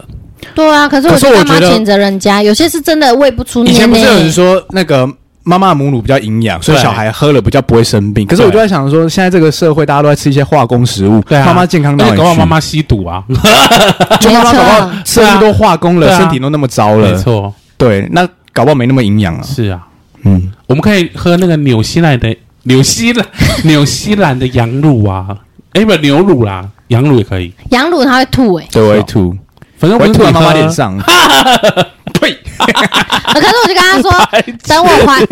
對啊，可是我媽媽可是我覺譴責人家有些是真的餵不出。以前不是有人說那個。媽媽的母乳比較營養，所以小孩喝了比較不會生病。可是我就在想說，現在這個社會大家都在吃一些化工食物，對啊、媽媽健康當然就搞不好媽媽吸毒啊， 就媽媽搞不好食物都化工了、啊，身體都那麼糟了、啊，沒錯。對，那搞不好沒那麼營養啊。是啊，嗯，我們可以喝那個紐西蘭的紐西蘭紐西蘭的羊乳啊，哎不牛乳啦、啊，羊乳也可以。羊乳它會吐哎、欸，對我會吐，反正我會吐到媽媽臉上。 呸！ 可是我就跟他說，等我懷，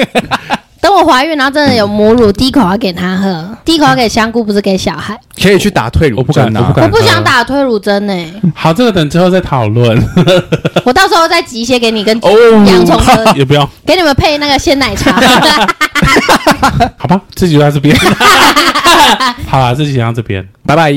等我懷孕，然後真的有母乳，第一 口要給他喝，第一口要給香菇，不是給小孩。可以、哦、去打退乳針，我不敢、啊我不敢，我不想打退乳針呢、欸。好，這個等之後再討論。 我到時候再擠一些給你跟、oh, 洋蔥哥也不用給你們配那個鮮奶茶。 好吧，自己就在這邊。 好啦，自己先在這邊，拜拜。